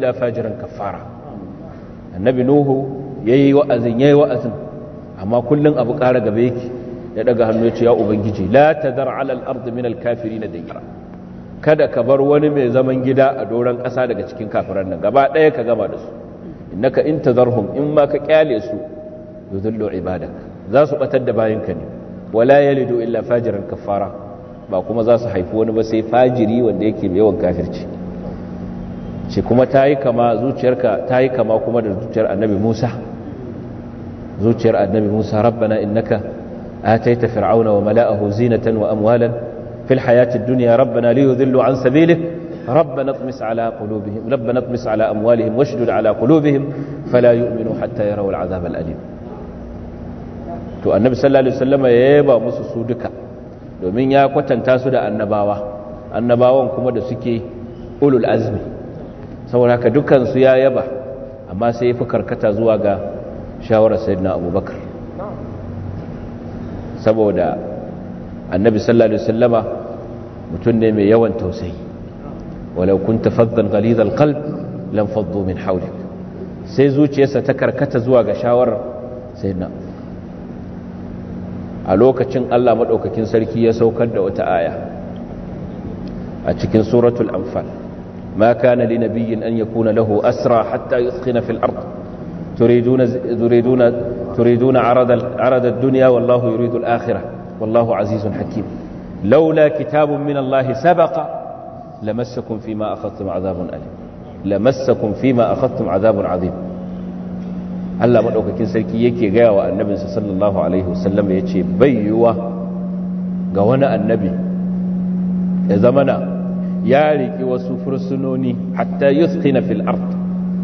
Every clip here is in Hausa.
illa fajiran kafara annabi nuhu yayi wa'azin yayi wa'azin amma kullun abu ƙara gaba yake ya daga hannu ya ce ya ubangiji la tadar ala al-ard min al-kafirin kada ka bar wani mai zaman gida a doran ƙasa daga cikin kafiran nan gaba ɗaya ka gama da su innaka in tadarhum in ma ka kyale su yudhillu ibadak za su batar da bayinka ne wala yalidu illa fajiran kafara ba kuma za su haifi wani ba sai fajiri wanda yake yawan kafirci ce kuma ta yi kama zuciyarka ta yi kama kuma da zuciyar annabi musa zuciyar annabi musa rabbana innaka ataita fir'auna wa mala'ahu zinatan wa amwalan fil hayati dunya rabbana li yudhillu an sabilik rabbana tmis ala qulubihim rabbana tmis ala amwalihim washdud ala qulubihim fala yu'minu hatta yaraw al azab al alim to annabi sallallahu alaihi wasallam ya yaba musu su duka domin ya kwatanta su da annabawa annabawan kuma da suke ulul azmi saboda dukansu ya yaba amma sai ya fi karkata zuwa ga shawarar sayyidina abubakar saboda annabi sallallahu alaihi wasallama mutum ne mai yawan tausayi walau kun faddan ghalidha alqalb lam faddu min hawlik sai zuciyarsa ta karkata zuwa ga shawarar sayyidina a lokacin Allah madaukakin sarki ya saukar da wata aya a cikin suratul anfal ما كان لنبي أن يكون له أسرى حتى يثخن في الأرض تريدون, تريدون, تريدون عرض, عرض الدنيا والله يريد الآخرة والله عزيز حكيم لولا كتاب من الله سبق لمسكم فيما أخذتم عذاب أليم لمسكم فيما أخذتم عذاب عظيم ألا maɗaukakin sarki yake يكي غيوة النبي صلى الله عليه وسلم ce بيوة ga النبي إذا منأ ya riƙi wasu fursunoni hatta yuthqina fil ard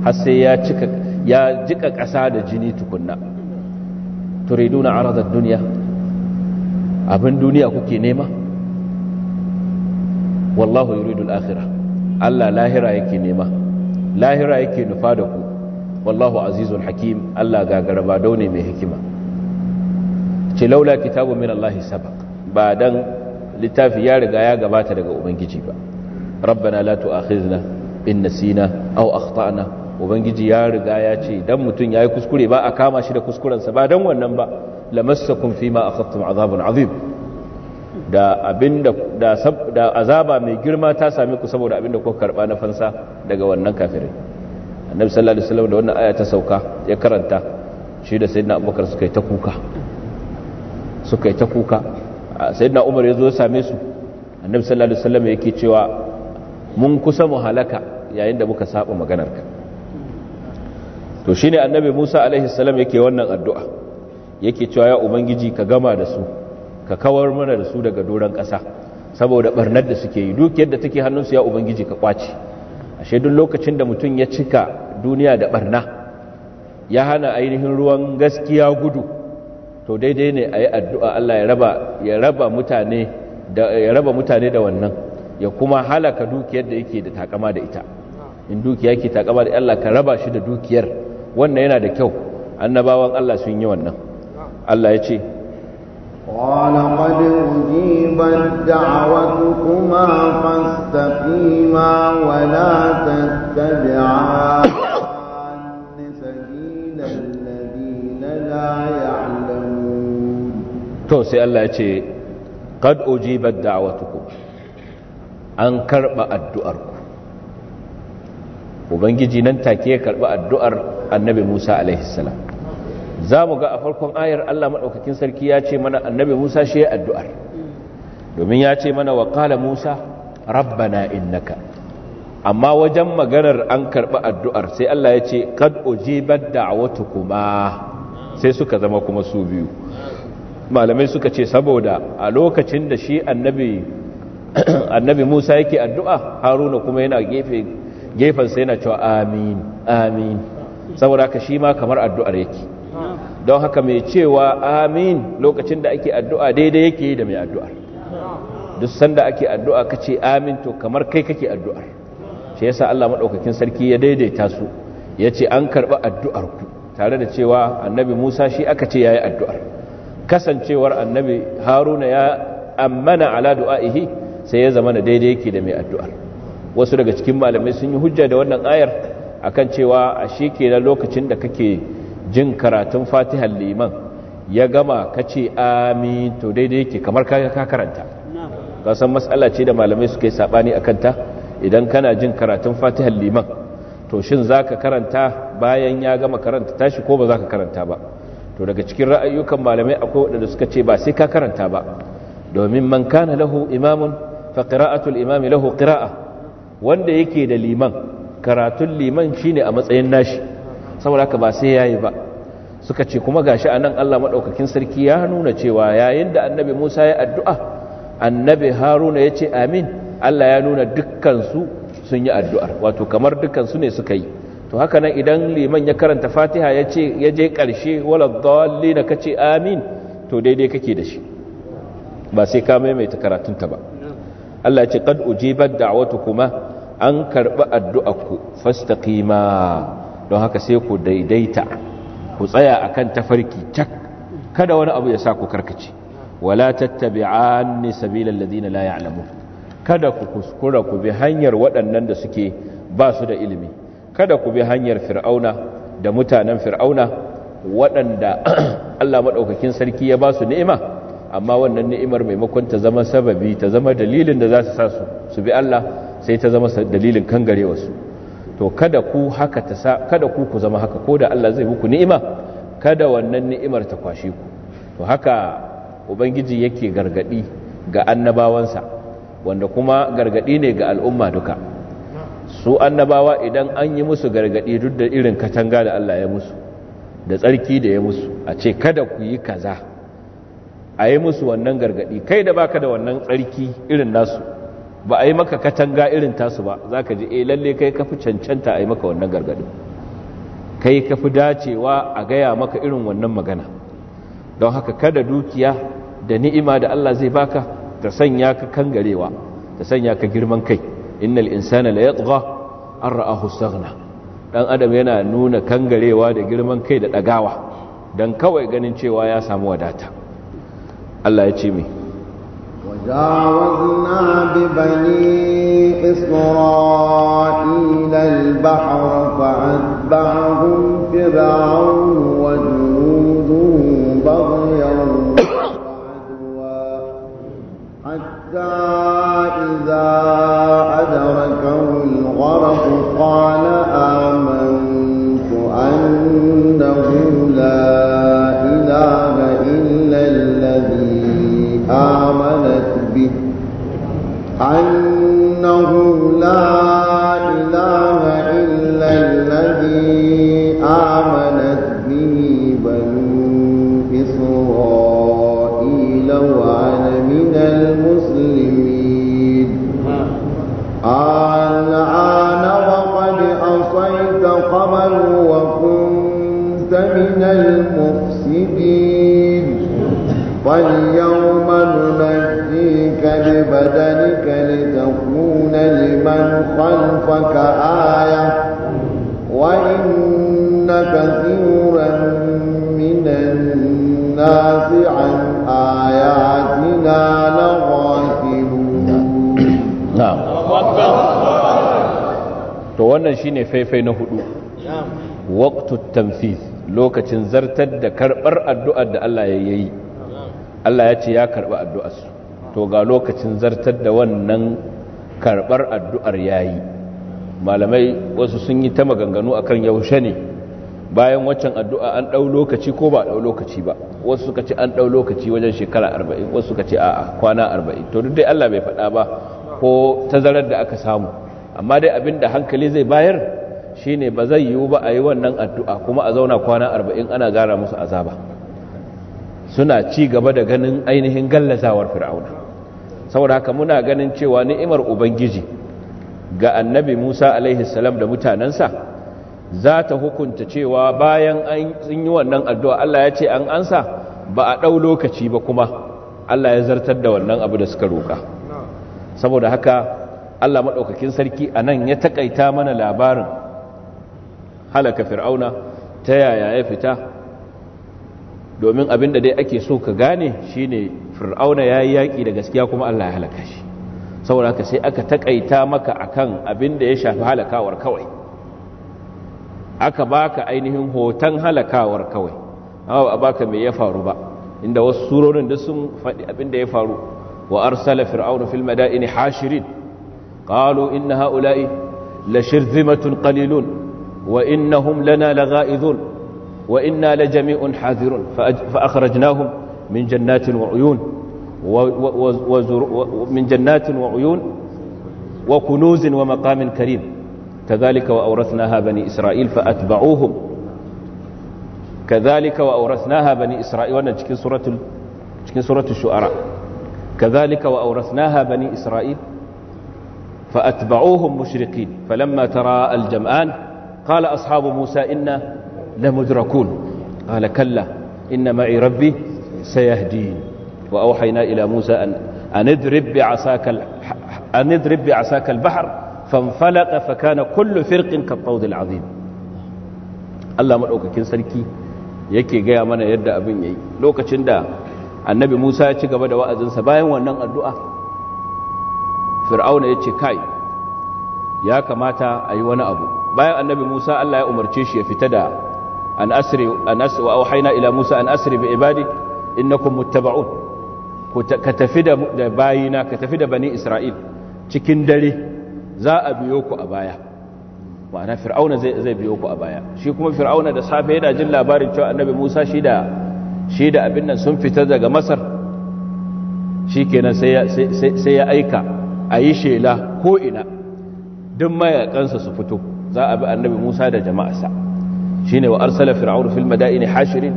har sai ya cika ya jika ƙasa da jini tukunna turiduna arada dunya abin duniya kuke nema wallahu yuridu al-akhirah Allah lahira yake nema lahira yake nufa da ku wallahu azizun hakim Allah garba daune mai hikima ce laula kitabu min Allah sabaq ba dan littafi ya riga ya gabata daga ubangiji ba rabbana la tu'akhizna in nasina aw akhtana ubangiji ya riga ya ce dan mutun yayi kuskure ba a kama shi da kuskurensa ba dan wannan ba lamassakum fima akhadtum azabun azim da abinda da da azaba mai girma ta same ku saboda abinda kuka karba na fansa daga wannan kafirin annabi sallallahu alaihi wasallam da wannan aya ta sauka ya karanta shi da sayyidina abubakar suka yi ta kuka suka yi ta kuka sayyidina umar ya zo ya same su annabi sallallahu alaihi wasallam yake cewa mun kusa mu halaka yayin da muka saba maganarka to shine annabi Musa alaihi salam yake wannan addu'a yake cewa ya ubangiji ka gama da su ka kawar mana da su daga doran ƙasa saboda barnar da suke yi duk yadda take hannunsu ya ubangiji ka kwaci ashe duk lokacin da mutum ya cika duniya da barna ya hana ainihin ruwan gaskiya gudu to daidai ne a yi addu'a Allah ya raba mutane da wannan ya kuma halaka dukiyar da yake da takama da ita in dukiya yake takama da Allah ka raba shi da dukiyar wannan yana da kyau annabawan Allah sun yi wannan Allah ya ce قال qad أجيبت دعوتكما fastaqima wa la tattabi'a to sai Allah ya ce qad يقول قد an karba addu'ar ku ubangiji nan take ya karba addu'ar annabi Musa alaihi za mu ga a farkon ayar Allah maɗaukakin sarki ya ce mana annabi Musa shi ya addu'ar domin ya ce mana wa Rabba Musa rabbana innaka amma wajen maganar an karba addu'ar sai Allah ya ce kad wata kuma sai suka zama kuma su biyu malamai suka ce saboda a lokacin da shi annabi annabi musa yake addu'a haruna kuma yana gefensa yana cewa amin amin saboda haka shi ma kamar addu'ar yake don haka mai cewa amin lokacin da ake addu'a daidai yake da mai addu'ar duk sanda ake addu'a ka ce amin to kamar kai kake addu'ar shi yasa Allah maɗaukakin sarki ya daidaita su yace ce an karɓi ku tare da cewa annabi musa shi aka ce ya yi addu'ar kasancewar annabi haruna ya ammana ala du'a'ihi sai ya zama daidai yake da mai addu'ar wasu daga cikin malamai sun yi hujja da wannan ayar akan cewa a shi ke na lokacin da kake jin karatun fatihar liman ya gama ka ce amin to daidai yake kamar ka karanta kasan matsala ce da malamai suka yi saɓani a kanta idan kana jin karatun fatihar liman to shin za ka karanta bayan ya gama karanta tashi ko ba za ka karanta ba to daga cikin ra'ayyukan malamai akwai waɗanda suka ce ba sai ka karanta ba domin man kana lahu imamun fa imami lahu qira'a wanda yake da liman karatun liman shine a matsayin nashi saboda haka ba sai yayi ba suka ce kuma gashi anan Allah madaukakin sarki ya nuna cewa yayin da annabi Musa ya addu'a annabi Haruna ya ce amin Allah ya nuna dukkansu sun yi addu'ar wato kamar dukkansu ne suka yi to haka nan idan liman ya karanta Fatiha ya ce ya je karshe wala dhalli na kace amin to daidai kake da shi ba sai ka maimaita karatunta ba Allah ce da ujibat kuma an karɓi addu'arku fastaqima don haka sai ku daidaita ku tsaya akan tafarki tak kada wani abu ya sa ku karkace wala tattabi'anni sabilal ladina la ya'lamun kada ku kuskura ku bi hanyar waɗannan da suke ba su da ilimi kada ku bi hanyar fir'auna da mutanen fir'auna waɗanda Allah maɗaukakin sarki ya ba su ni'ima amma wannan ni'imar maimakon ta zama sababi ta zama dalilin da za su sa su bi Allah sai ta zama dalilin kangarewa su to kada ku haka ta sa kada ku ku zama haka ko da Allah zai muku ni'ima kada wannan ni'imar ta kwashe ku to haka ubangiji yake gargadi ga annabawansa wanda kuma gargadi ne ga al'umma duka su annabawa idan an yi musu gargadi duk da irin katanga da Allah ya musu da tsarki da ya musu a ce kada ku yi kaza a yi musu wannan gargadi kai da baka da wannan tsarki irin nasu ba a yi maka katanga irin tasu ba za ka ji eh, lalle kai kafi cancanta a yi maka wannan gargadi kai kafi dacewa a gaya maka irin wannan magana don haka kada dukiya da ni'ima da Allah zai baka ta sanya ka kangarewa ta sanya ka girman kai innal insana la yatgha an ra'ahu dan adam yana nuna kangarewa da girman kai da dagawa dan kawai ganin cewa ya samu wadata Allah ya ce وجاوزنا ببني إسرائيل البحر فأتبعهم لست من المفسدين واليوم ننجيك ببدنك لتكون لمن خلفك آية وإن كثيرا من الناس عن آياتنا لغافلون نعم to wannan shine faifai na hudu waqtu نعم. tanfiz lokacin zartar da karɓar addu'ar da Allah ya yi Allah ya ce ya karɓi addu'arsu to ga lokacin zartar da wannan karɓar addu'ar ya yi malamai wasu sun yi ta maganganu a kan yaushe ne bayan waccan addu'a an ɗau lokaci ko ba ɗau lokaci ba wasu suka ce an ɗau lokaci wajen shekara arba'in wasu suka ce a'a kwana arba'in to duk dai Allah bai faɗa ba ko tazarar da aka samu amma dai abin da hankali zai bayar Shi ne ba zai yiwu ba a yi wannan addu'a kuma a zauna kwana arba'in ana gara musu azaba suna ci gaba da ganin ainihin gallazawar fir'auna saboda haka muna ganin cewa ni'imar ubangiji ga annabi musa alaihi da mutanensa za ta hukunta cewa bayan an yi wannan addu'a allah ya ce an ansa ba a ɗau lokaci ba kuma allah ya zartar da wannan abu da suka roƙa saboda haka allah maɗaukakin sarki a nan ya taƙaita mana labarin halaka fir'auna ta yaya ya fita domin abin da dai ake so ka gane shine fir'auna ya yi yaƙi da gaskiya kuma Allah ya halaka shi saboda haka sai aka taƙaita maka akan abin da ya shafi halakawar kawai aka baka ainihin hoton halakawar kawai amma ba a baka mai ya faru ba inda wasu surorin da sun faɗi abin da ya faru wa arsala fir'auna fil madaini hashirin qalu inna ha'ula'i la zimatun qalilun وإنهم لنا لغائذون وإنا لجميع حاذرون فأخرجناهم من جنات وعيون ومن جنات وعيون وكنوز ومقام كريم كذلك وأورثناها بني إسرائيل فأتبعوهم كذلك وأورثناها بني إسرائيل وانا سورة الشؤراء كذلك وأورثناها بني إسرائيل فأتبعوهم مشرقين فلما ترى الجمعان قال أصحاب موسى إنا لمدركون قال كلا إن معي ربي سيهدين وأوحينا إلى موسى أن أندرب بعساك أندرب بعساك البحر فانفلق فكان كل فرق كالطود العظيم الله مرؤوك كن سلكي yake gaya mana yadda abin yayi lokacin da annabi Musa ya ci gaba da wa'azinsa bayan wannan addu'a fir'auna ya ce kai bayan annabi Musa Allah ya umarce shi ya fita da an asiri an asri wa auhayna ila Musa an asiri bi ibadi innakum muttaba'un ka tafi da bayina ka tafi da bani Isra'il cikin dare za a biyo ku a baya ma'ana fir'auna zai zai biyo ku a baya shi kuma fir'auna da safe yana jin labarin cewa annabi Musa shi da shi da abin nan sun fita daga Masar shikenan sai sai sai ya aika a yi shela ko ina duk mayakansa su fito za a bi annabi Musa da jama'arsa shine wa arsala fir'aun fil madaini hashirin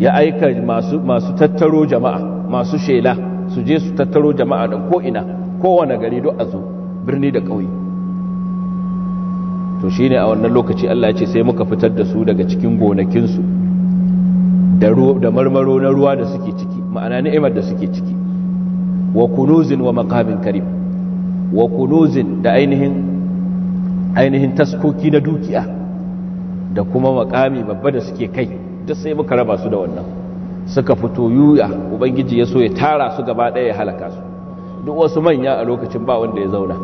ya aika masu masu tattaro jama'a masu shela su je su tattaro jama'a da ko ina kowane gari duk a birni da ƙauye to shine a wannan lokaci Allah ya ce sai muka fitar da su daga cikin gonakinsu da marmaro na ruwa da suke ciki ma'ana ni'imar da suke ciki wa kunuzin wa maqamin karim wa kunuzin da ainihin ainihin taskoki na dukiya da kuma makami babba da suke kai duk sai muka raba su da wannan suka fito yuya ubangiji ya so ya tara su gaba ɗaya ya halaka su duk wasu manya a lokacin ba wanda ya zauna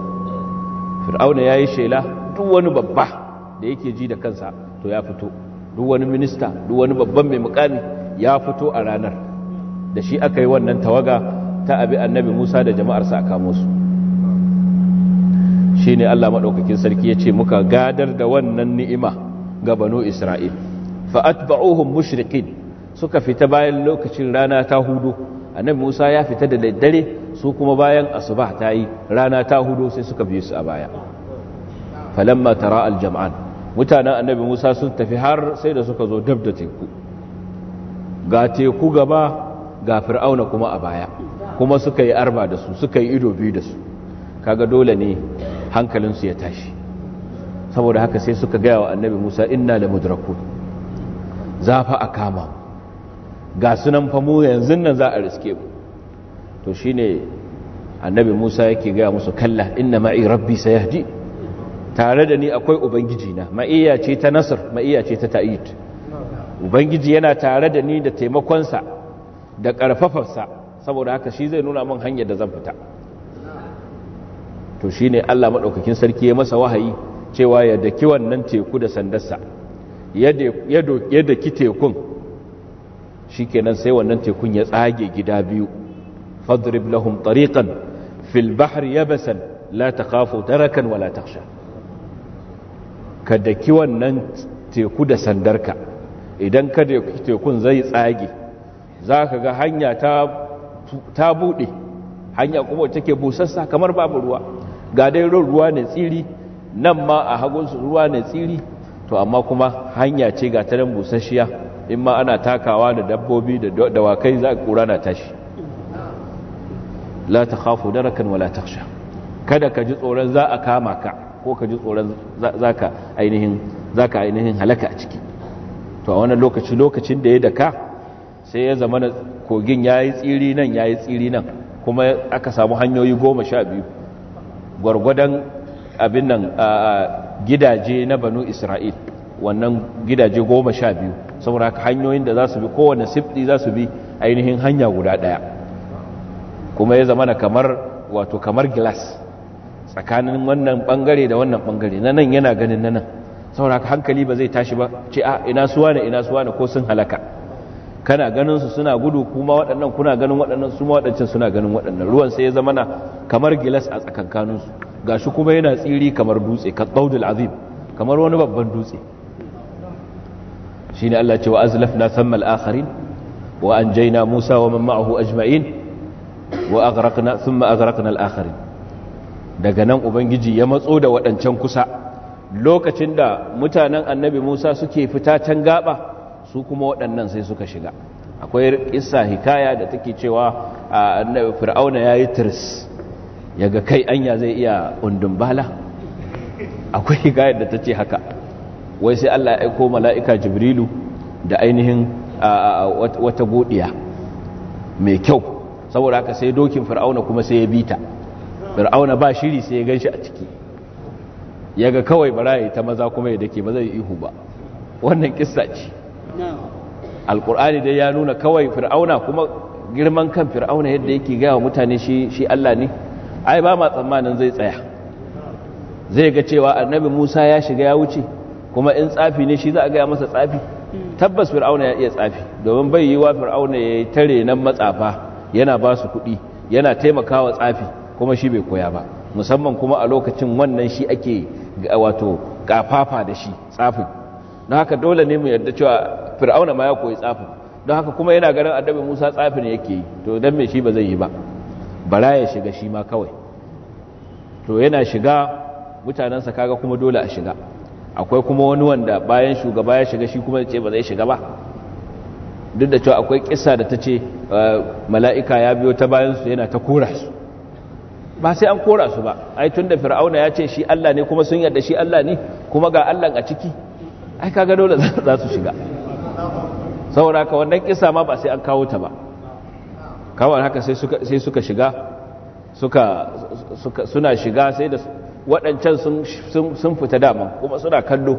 fir'auna ya yi shela duk wani babba da yake ji da kansa to ya fito duk wani minista duk wani babban mai mukami ya fito a ranar da shi aka yi wannan tawaga ta abi annabi musa da jama'arsa a kamo su shi ne Allah maɗaukakin sarki ya ce muka gadar da wannan ni'ima ga banu Isra'il fa'atba'uhum mushriqin suka fita bayan lokacin rana ta hudu annabi Musa ya fita da daddare su kuma bayan asuba ta yi rana ta hudu sai suka bi su a baya falamma tara aljam'an mutanen annabi Musa sun tafi har sai da suka zo dab da teku ga teku gaba ga fir'auna kuma a baya kuma suka yi arba da su suka yi ido biyu da su kaga dole ne hankalinsu ya tashi saboda haka sai suka gaya wa annabi musa inna da mudraku za fa a kama ga sunan famu yanzu nan za a riske mu to shi ne annabi musa yake gaya musu kalla inna ma'i rabbi sayahdi tare da ni akwai ubangiji na ma'iya ce ta nasar ma'iya ce ta ta'id ubangiji yana tare da ni da taimakonsa da ƙarfafarsa saboda haka shi zai nuna min hanyar da zan fita to ne Allah maɗaukakin sarki ya masa wahayi cewa ya daki wannan teku da sandarsa ya daki tekun shikenan sai wannan tekun ya tsage gida biyu fadrib lahum tariqan fil bahri yabasan la takhafu tarakan wala takhsha ka daki wannan teku da sandarka idan ka daki tekun zai tsage za ka ga hanya ta buɗe hanya kuma take busassa kamar babu ruwa ga dai ruwa ne tsiri nan ma a hagunsu ruwa ne tsiri to amma kuma hanya ce ga ta nan busasshiya in ma ana takawa da dabbobi da dawakai za a kura na tashi la ta khafu darakan wala taksha kada ka ji tsoron za a kama ka ko ka ji tsoron ka ainihin ka ainihin halaka a ciki to a wannan lokaci lokacin da ya daka sai ya zama kogin yayi tsiri nan yayi tsiri nan kuma aka samu hanyoyi goma sha biyu gwargwadon abin nan gidaje na banu isra'il wannan gidaje goma sha biyu saboda hanyoyin da za su bi kowane sifti za su bi ainihin hanya guda ɗaya kuma ya zama na kamar wato kamar gilas tsakanin wannan bangare da wannan bangare na nan yana ganin na nan saboda hankali ba zai tashi ba ce a ina suwa ne ina suwa ne ko sun halaka kana ganin su suna gudu kuma waɗannan kuna ganin waɗannan su ma waɗancan suna ganin waɗannan ruwan sai ya zama na kamar gilas a tsakankanin su gashi kuma yana tsiri kamar dutse ka daudul azim kamar wani babban dutse shine Allah ce wa azlafna thamma al-akharin wa anjayna Musa wa man ma'ahu ajma'in wa aghraqna thumma aghraqna al-akharin daga nan ubangiji ya matso da waɗancan kusa lokacin da mutanen annabi Musa suke fita can gaba su kuma waɗannan sai suka shiga akwai isa hikaya da take cewa fir'auna ya yi tirs ya ga kai anya zai iya undun bala akwai hikayar da ta ce haka wai sai allah ya aiko mala'ika jibrilu da ainihin wata godiya mai kyau saboda haka sai dokin fir'auna kuma sai ya bita fir'auna ba shiri sai ya gan shi a ciki Yaga kawai bara ya ta maza kuma ya dake ba zai ihu ba wannan kissa ce alkur'ani dai ya nuna kawai fir'auna kuma girman kan fir'auna yadda yake gaya mutane shi Allah ne ai ba ma tsammanin zai tsaya zai ga cewa annabi Musa ya shiga ya wuce kuma in tsafi ne shi za a gaya masa tsafi tabbas fir'auna ya iya tsafi domin bai yi wa fir'auna ya yi tare nan matsafa yana ba su kuɗi yana taimakawa tsafi kuma shi bai koya ba musamman kuma a lokacin wannan shi ake wato kafafa da shi tsafin na haka dole ne mu yarda cewa fir'auna ma ya koyi tsafin don haka kuma yana ganin annabi musa tsafin yake yi to dan me shi ba zai yi ba bara ya shiga shi ma kawai to yana shiga mutanensa kaga kuma dole a shiga akwai kuma wani wanda bayan shugaba ya shiga shi kuma ya ce ba zai shiga ba duk da cewa akwai kissa da ta ce ah, mala'ika ya biyo ta bayansu yana ta kora su ba sai an kora su ba ai tun da fir'auna ya ce shi Allah ne kuma sun yarda shi Allah ne kuma ga Allah a ciki ai kaga dole za su shiga saboda haka wannan kisa ma ba sai an kawo ta ba kawai haka sai suka shiga suna shiga sai da waɗancan sun fita dama kuma suna kallo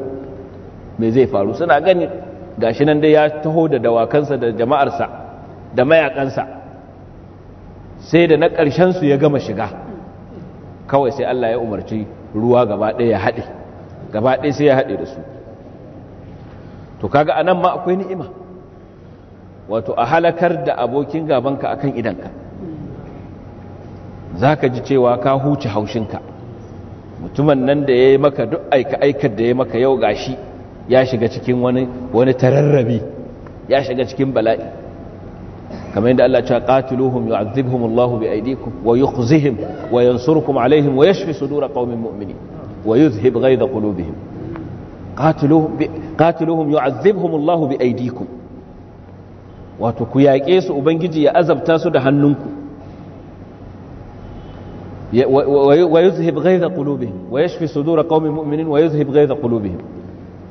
mai zai faru suna gani gashi nan dai ya taho da dawakansa da jama'arsa da mayakansa sai da na ƙarshen su ya gama shiga kawai sai Allah ya umarci ruwa gaba ɗaya ya haɗe gaba ɗaya sai ya haɗe da su to kaga anan ma akwai ni'ima wato a halakar da abokin gabanka akan idanka za ka ji cewa ka huce haushinka mutumin nan da ya yi maka duk aika aikar da ya maka yau gashi ya shiga cikin wani wani tararrabi ya shiga cikin bala'i kamar yadda Allah ya qatiluhum yu'adhibhum Allah bi aydikum wa yukhzihim wa yansurukum alaihim wa yashfi sudur qaumin mu'minin wa yuzhib ghaiza qulubihim qatiluhum yu'azzibhum Allah bi aydikum wato ku yaƙe su ubangiji ya azabta su da hannunku wa yuzhib ghaiza qulubihim wa yashfi sudur qaumin mu'minin wa yuzhib ghaiza qulubihim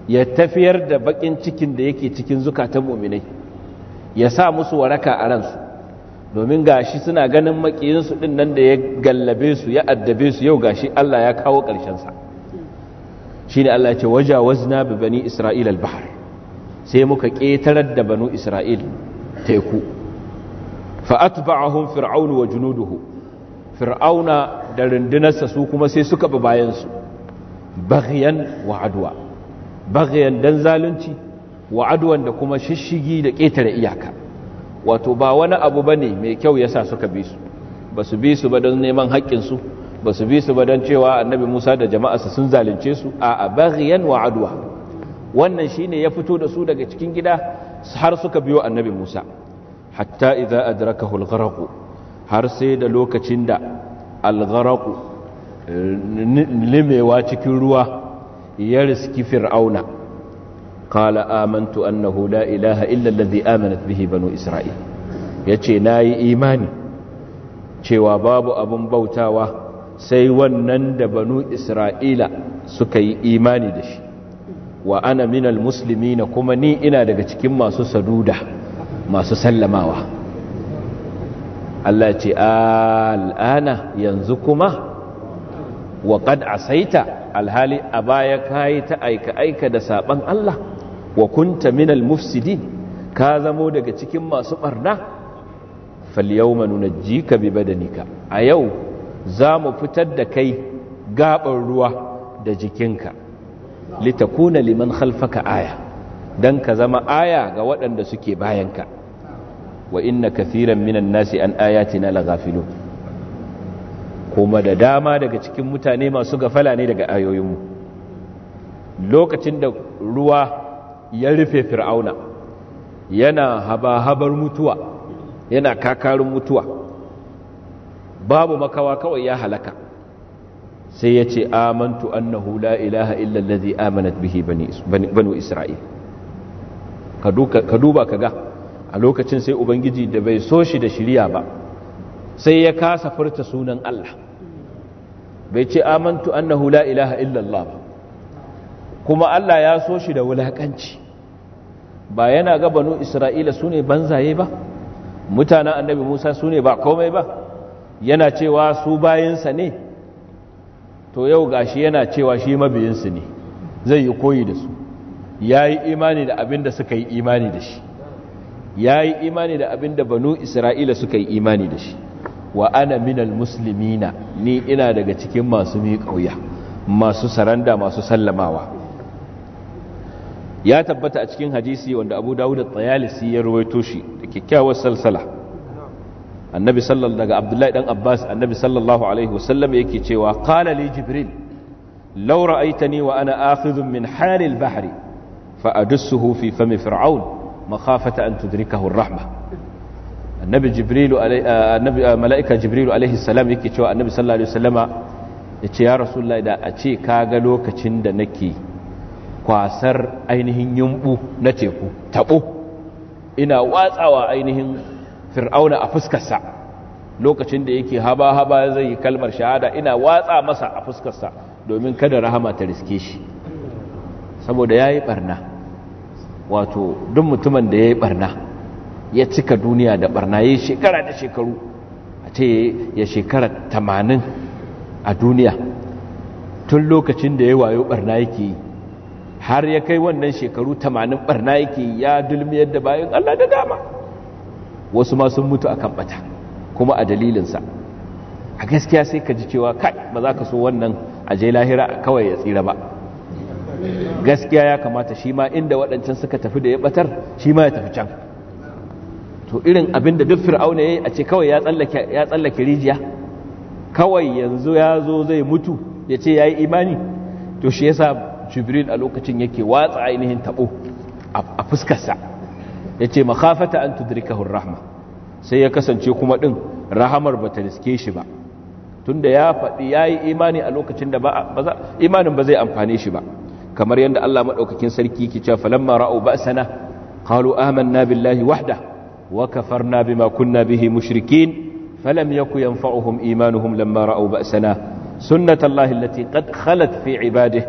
ya tafiyar da baƙin cikin da yake cikin zukatan mu'minai ya sa musu waraka a ransu domin gashi suna ganin makiyinsu ɗin nan da ya gallabe su ya addabe su yau gashi Allah ya kawo ƙarshen sa shine Allah ya ce wajawazna bi bani isra'ila al-bahr sai muka ketarar da banu isra'il teku fa atba'ahum fir'aun wa junuduhu fir'auna da rundunarsa su kuma sai suka bi bayan su baghyan wa adwa baghyan dan zalunci wa adwan da kuma shishigi da ketare iyaka wato ba wani abu bane mai kyau yasa suka bi su ba su bi su ba don neman haƙƙinsu su ba su bi su ba don cewa annabi musa da jama'arsa sun zalunce su a baghiyan wa adwa wannan shine ya fito da su daga cikin gida har suka biyo annabi musa hatta idza adraka al har sai da lokacin da al eh, limewa cikin ruwa ya riski fir'auna qala amantu annahu la ilaha illa alladhi amanat bihi banu isra'il yace nayi imani cewa babu abun bautawa sai wannan da banu isra'ila suka yi imani da shi wa ana minal musulmi na kuma ni ina daga cikin masu saduda masu sallamawa Allah ce al'ana yanzu kuma wa kad asaita alhali a baya kayi ta aika-aika da saban Allah wa kunta minal mufsidi ka zamo daga cikin masu barna falyawma ka bi badanika a yau za mu fitar da kai gaban ruwa da jikinka litakuna liman khalfaka aya dan ka zama aya ga waɗanda suke bayanka wa inna kathiran minan nasi an ayatina laghafilun kuma da dama daga cikin mutane masu gafala ne daga ayoyinmu lokacin da ruwa ya rufe fir'auna yana haba-habar mutuwa yana kakarin mutuwa babu makawa kawai ya halaka sai ya ce amantu annahu la ilaha illa allazi amanat bihi banu isra'il ka duba ka ga a lokacin sai ubangiji da bai so shi da shirya ba sai ya kasa furta sunan Allah bai ce amantu annahu la ilaha illa Allah ba kuma Allah ya so shi da wulakanci ba yana ga banu isra'ila su ne banzaye ba mutanen annabi musa su ne ba komai ba yana cewa su bayansa ne to yau gashi yana cewa shi mabiyinsu ne zai yi koyi da su ya yi imani da abin da suka yi imani da shi ya yi imani da abin da banu isra'ila suka yi imani da shi wa ana minal musulmina ni ina daga cikin masu miƙauya masu saranda masu sallamawa ya tabbata a cikin hadisi wanda abu dawud da tsayalisi ya ruwaito shi da kyakkyawar salsala annabi sallallahu daga abdullahi dan abbas annabi sallallahu alaihi wasallam yake cewa qala li jibril law ra'aytani wa ana akhidhun min halil bahri fa adussuhu fi fami fir'aun makhafata an tudrikahu ar-rahma annabi jibril uh, annabi uh, malaika jibril alaihi salam yake cewa annabi sallallahu alaihi wasallama yace ya rasulullahi da a ce kaga lokacin da nake kwasar ainihin yumbu na teku tabo ina watsawa ainihin fir'auna a fuskarsa lokacin da yake haba-haba zai yi kalmar shahada ina watsa masa a fuskarsa domin kada rahama ta riske shi saboda ya yi barna wato duk mutumin da ya yi barna ya cika duniya da barna ya yi shekara da shekaru a ce ya shekara tamanin a duniya tun lokacin da ya wayo barna yake yi har ya kai wannan shekaru tamanin barna yake ya dulmiyar yadda bayan Allah da dama wasu ma sun mutu akan bata kuma a dalilinsa a gaskiya sai ka ji cewa kai ba za ka so wannan aje lahira kawai ya tsira ba gaskiya ya kamata shi ma inda waɗancan suka tafi da ya batar shi ma ya tafi can to irin abin da duk fir'auna ya yi a ce kawai ya tsallake rijiya kawai yanzu ya zo zai mutu ya ce ya yi imani to shi yasa jibril a lokacin yake watsa ainihin taɓo a fuskarsa ya ce makafata an tudrikahur rahma sai ya kasance kuma ɗin rahamar ba ta riske shi ba tunda ya faɗi ya yi imani a lokacin da imanin ba zai amfane shi ba kamar yadda Allah maɗaukakin sarki ki ce falamma ra'au ba'sana kalu amanna billahi wahda wa kafarna bima kunna bihi mushrikin falam yaku yanfa'uhum imanuhum lamma ba ba'sana sunnatallahi lati qad khalat fi ibadihi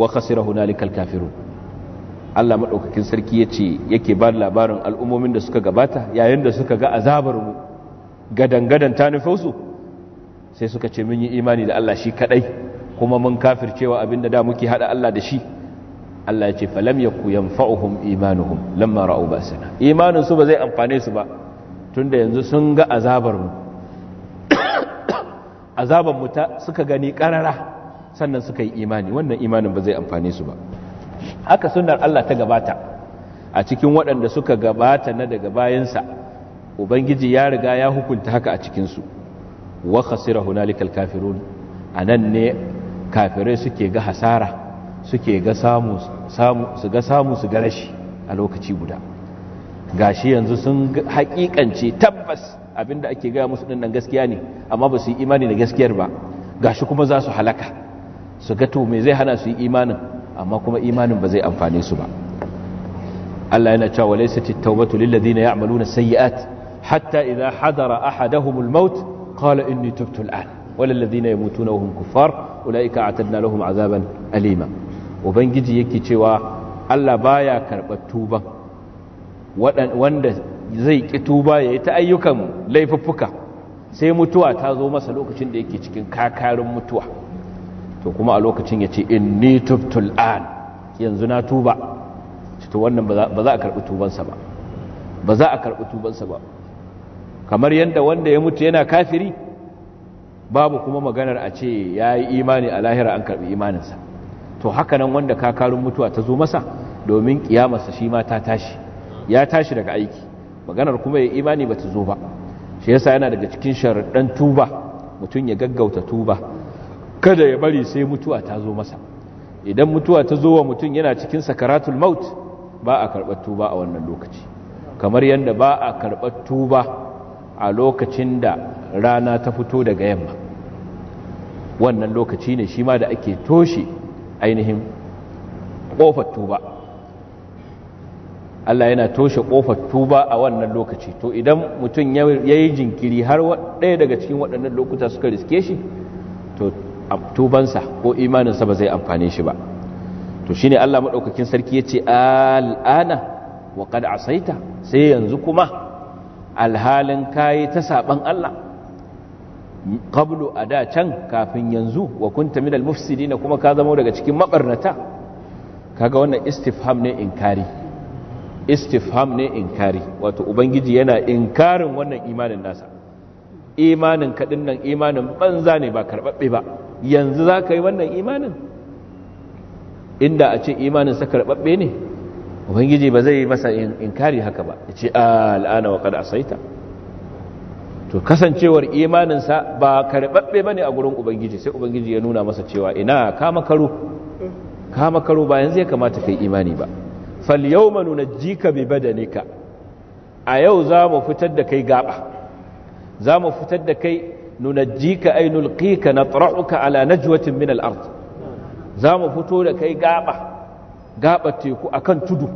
wa khasira hunalika al-kafirun Allah maɗaukakin sarki ya ce yake ba labarin al'ummomin da suka gabata yayin da suka ga azabar mu gadangadan ta nufausu sai suka ce mun yi imani da Allah shi kaɗai kuma mun kafircewa abin da da muke haɗa Allah da shi Allah ya ce falam ya kuyan fa'uhum imanuhum lamma ra'u ba sana imanin ba zai amfane su ba tunda yanzu sun ga azabar mu azabar mu ta suka gani ƙarara sannan suka yi imani wannan imanin ba zai amfane su ba haka sunnar Allah ta gabata a cikin waɗanda suka gabata na daga bayansa ubangiji ya riga ya hukunta haka a cikinsu wa khasira hunalikal kafirun anan ne kafirai suke ga hasara suke ga samu su ga samu su ga rashi a lokaci guda gashi yanzu sun hakikance tabbas abinda ake gaya musu nan gaskiya ne amma ba su yi imani da gaskiyar ba gashi kuma za su halaka su ga to me zai hana su yi imanin amma kuma imanin ba zai amfane su ba Allah yana cewa laysati at-taubatu lil ladina ya'maluna sayyi'at hatta idha hadara ahaduhumul maut qala inni tubtu al-an wal ladina yamutuna wa hum kuffar ulaika a'tadna lahum azaban alima ubangiji yake cewa Allah baya karbar tuba wanda zai ki tuba yayi ta ayyukan laifuffuka sai mutuwa ta zo masa lokacin da yake cikin kakarin mutuwa to kuma a lokacin ya ce inni tubtul an yanzu na tuba to wannan ba za a karɓi tubansa ba ba za a karɓi tubansa ba kamar yadda wanda ya mutu yana kafiri babu kuma maganar a ce ya yi imani a lahira an karɓi imaninsa to haka nan wanda kakarun mutuwa ta zo masa domin ƙiyamarsa shi ma ta tashi ya tashi daga aiki maganar kuma ya imani ba ta zo ba shi yasa yana daga cikin sharaɗan tuba mutum ya gaggauta tuba kada ya bari sai mutuwa ta zo masa idan mutuwa ta zo wa mutum yana cikin sakaratul maut ba a karɓar tuba a wannan lokaci kamar yadda ba a karɓar tuba a lokacin da rana ta fito daga yamma wannan lokaci ne shi ma da ake toshe ainihin ƙofar tuba Allah yana toshe ƙofar tuba a wannan lokaci to idan mutum ya yi jinkiri har ɗaya daga cikin waɗannan lokuta suka riske shi to tubansa ko imaninsa ba zai amfane shi ba to shine Allah madaukakin sarki yace al'ana wa qad asaita sai yanzu kuma alhalin kai ta saban Allah qablu ada can kafin yanzu wa kunta minal mufsidin kuma ka zama daga cikin mabarnata kaga wannan istifham ne inkari istifham ne inkari wato ubangiji yana inkarin wannan imanin nasa imanin kadin nan imanin banza ne ba karbabbe ba yanzu za ka yi wannan imanin inda a ce imanin sa karɓaɓɓe ne ubangiji ba zai masa inkari haka ba ya ce ah, al'ana wa kada saita to kasancewar imaninsa ba karɓaɓɓe ba ne a gurin ubangiji sai ubangiji ya nuna masa cewa ina kama karo kama karo ba yanzu ya kamata kai imani ba fal yau yawma jika bi badanika a yau za mu fitar da kai gaba za mu fitar da kai nunajjika ay nulqika natra'uka ala najwatin min al-ard zamu fito da kai gaba gaba teku akan tudu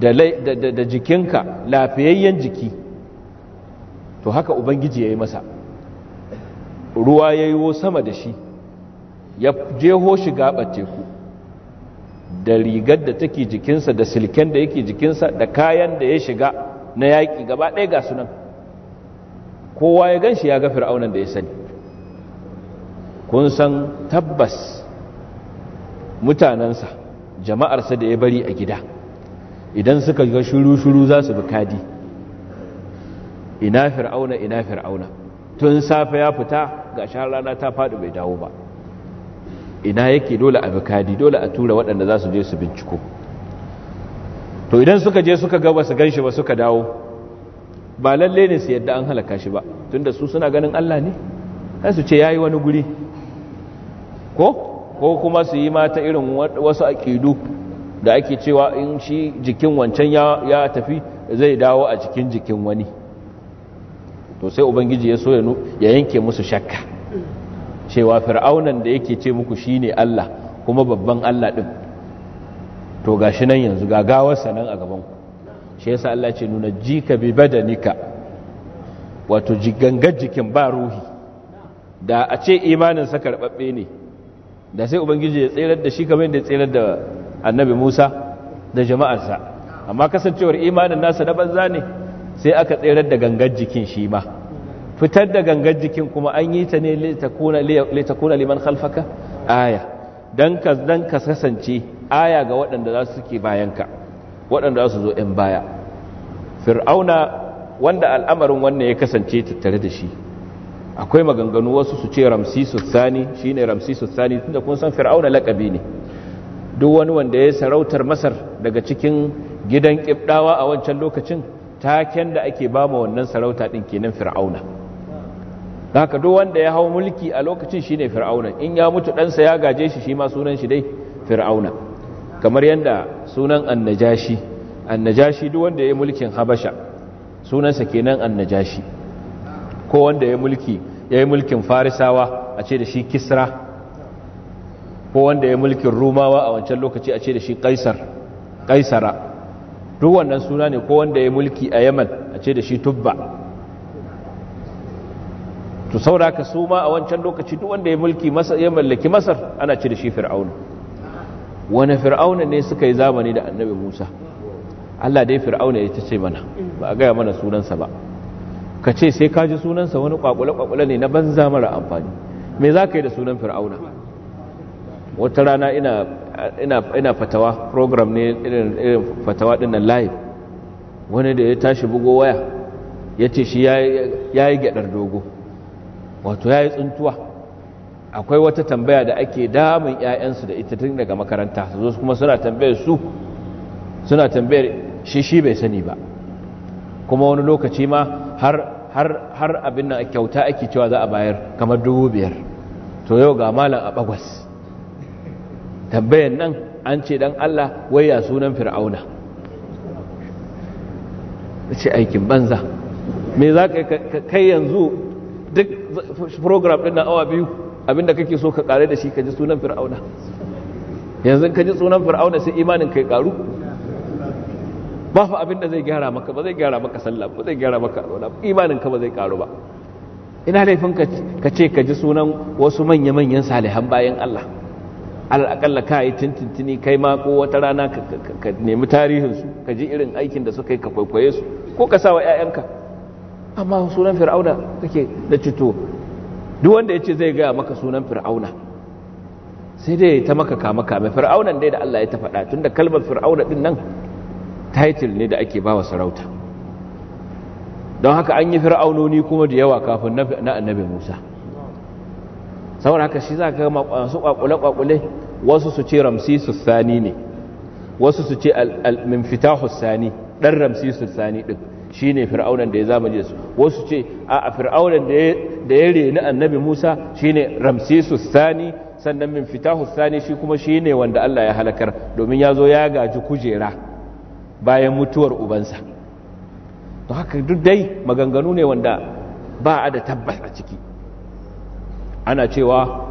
da da jikinka lafiyayyen jiki to haka ubangiji yayi masa ruwa yayiwo sama da shi ya jeho shi gaba teku da rigar da take jikinsa da silken da yake jikinsa da kayan da ya shiga na yaƙi gaba ɗaya ga sunan kowa ya ganshi ya ga fir'aunan da ya sani kun san tabbas mutanansa, jama'arsa da ya bari a gida idan suka ga shuru-shuru za su bi ina fir'auna ina fir'auna tun safe ya fita ga shahararra rana ta faɗi bai dawo ba ina yake dole a bukadi dole a tura waɗanda za su je su binciko to idan suka je suka ga basu ganshi ba suka dawo ba lalle ne su yadda an halaka shi ba tunda su suna ganin Allah ne kan su ce yayi wani guri ko ko kuma su yi mata irin wasu aqidu da ake cewa in shi jikin wancan ya tafi zai dawo a cikin jikin wani to sai ubangiji ya so ya yanke musu shakka cewa fir'aunan da yake ce muku shine Allah kuma babban Allah ɗin. to gashi nan yanzu ga gawarsa nan a gabanku shi yasa Allah ce nuna jika bi badanika wato jigangar jikin ba ruhi da a ce imanin sa karbabbe ne da sai ubangiji ya tsirar da shi kamar yadda ya tsirar da annabi Musa da jama'arsa amma kasancewar imanin nasa na banza ne sai aka tsirar da gangar jikin shi ma fitar da gangar jikin kuma an yi ta ne litakuna liman khalfaka aya dan ka dan ka kasance aya ga waɗanda za su ke ka. waɗanda su zo ‘yan baya fir'auna wanda al'amarin wannan ya kasance tattare da shi akwai maganganu wasu su ce ramsi sussani shi ne ramsi sussani tun da kun san fir'auna laƙabi ne duk wani wanda ya sarautar masar daga cikin gidan ƙibɗawa a wancan lokacin taken da ake ba ma wannan sarauta ɗin kenan fir'auna haka duk wanda ya hau mulki a lokacin shi ne fir'auna in ya mutu ɗansa ya gaje shi shi ma sunan shi dai fir'auna kamar yadda sunan annajashi annajashi duk wanda ya mulkin habasha sunansa kenan annajashi ko wanda ya mulki ya yi mulkin farisawa a ce da shi kisra ko wanda ya mulkin rumawa a wancan lokaci a ce da shi kaisar kaisara duk wannan suna ne ko wanda ya mulki a yaman a ce da shi tubba to sauraka su ma a wancan lokaci duk wanda ya mulki ya mallaki masar ana ce da shi fir'aunu wani fir'auna ne suka yi zamani da annabi musa allah dai fir'auna ya ce mana ba a gaya mana sunansa ba ka ce sai kaji sunansa wani kwakwale-kwakwale ne na banza mara amfani me za ka yi da sunan fir'auna wata rana ina fatawa program ne irin fatawa din nan live wani da ya tashi bugo waya ya ce shi ya yi gyadar dogo wato ya yi tsuntuwa akwai wata tambaya da ake damun ‘ya'yansu da ita tun daga makaranta su zo kuma suna tambayar su suna tambayar shi shi bai sani ba kuma wani lokaci ma har abin nan kyauta ake cewa za a bayar kamar dubu biyar to yau ga malam a bagwas tambayan nan an ce dan Allah waya sunan fir'auna ce aikin banza me za ka kai yanzu duk program ɗin na awa biyu abinda kake so ka kare da shi ka ji sunan fir'auna yanzu ka ji sunan fir'auna sai imanin kai karu ba fa abinda zai gyara maka ba zai gyara maka sallah ba zai gyara maka alwala imanin ka ba zai karu ba ina laifin ka ce ka ji sunan wasu manya manyan salihan bayan Allah al'akalla ka yi tintintini kai ma ko wata rana ka nemi tarihinsu ka ji irin aikin da suka yi ka kwaikwaye su ko ka sa wa ‘ya'yanka amma sunan fir'auna kake da cito duk wanda ya ce zai gaya maka sunan fir'auna sai dai ta maka kama kame fir'aunan dai da Allah ya ta faɗa tun da kalmar fir'auna ɗin nan title ne da ake ba wa sarauta don haka an yi fir'aunoni kuma da yawa kafin na annabi musa saboda haka shi za ka ga masu kwakule-kwakule wasu su ce ramsisus sani ne wasu su ce min fitahus sani ɗan ramsisus sani ɗin Shi ne fir'aunan da ya zama jesu wasu ce a fir'aunan da ya reni annabi Musa shine Ramsesus Sani sannan min fita Sani shi kuma shi ne wanda Allah ya halakar domin ya zo ya gaji kujera bayan mutuwar ubansa to haka duk dai maganganu ne wanda ba a da tabbas a ciki ana cewa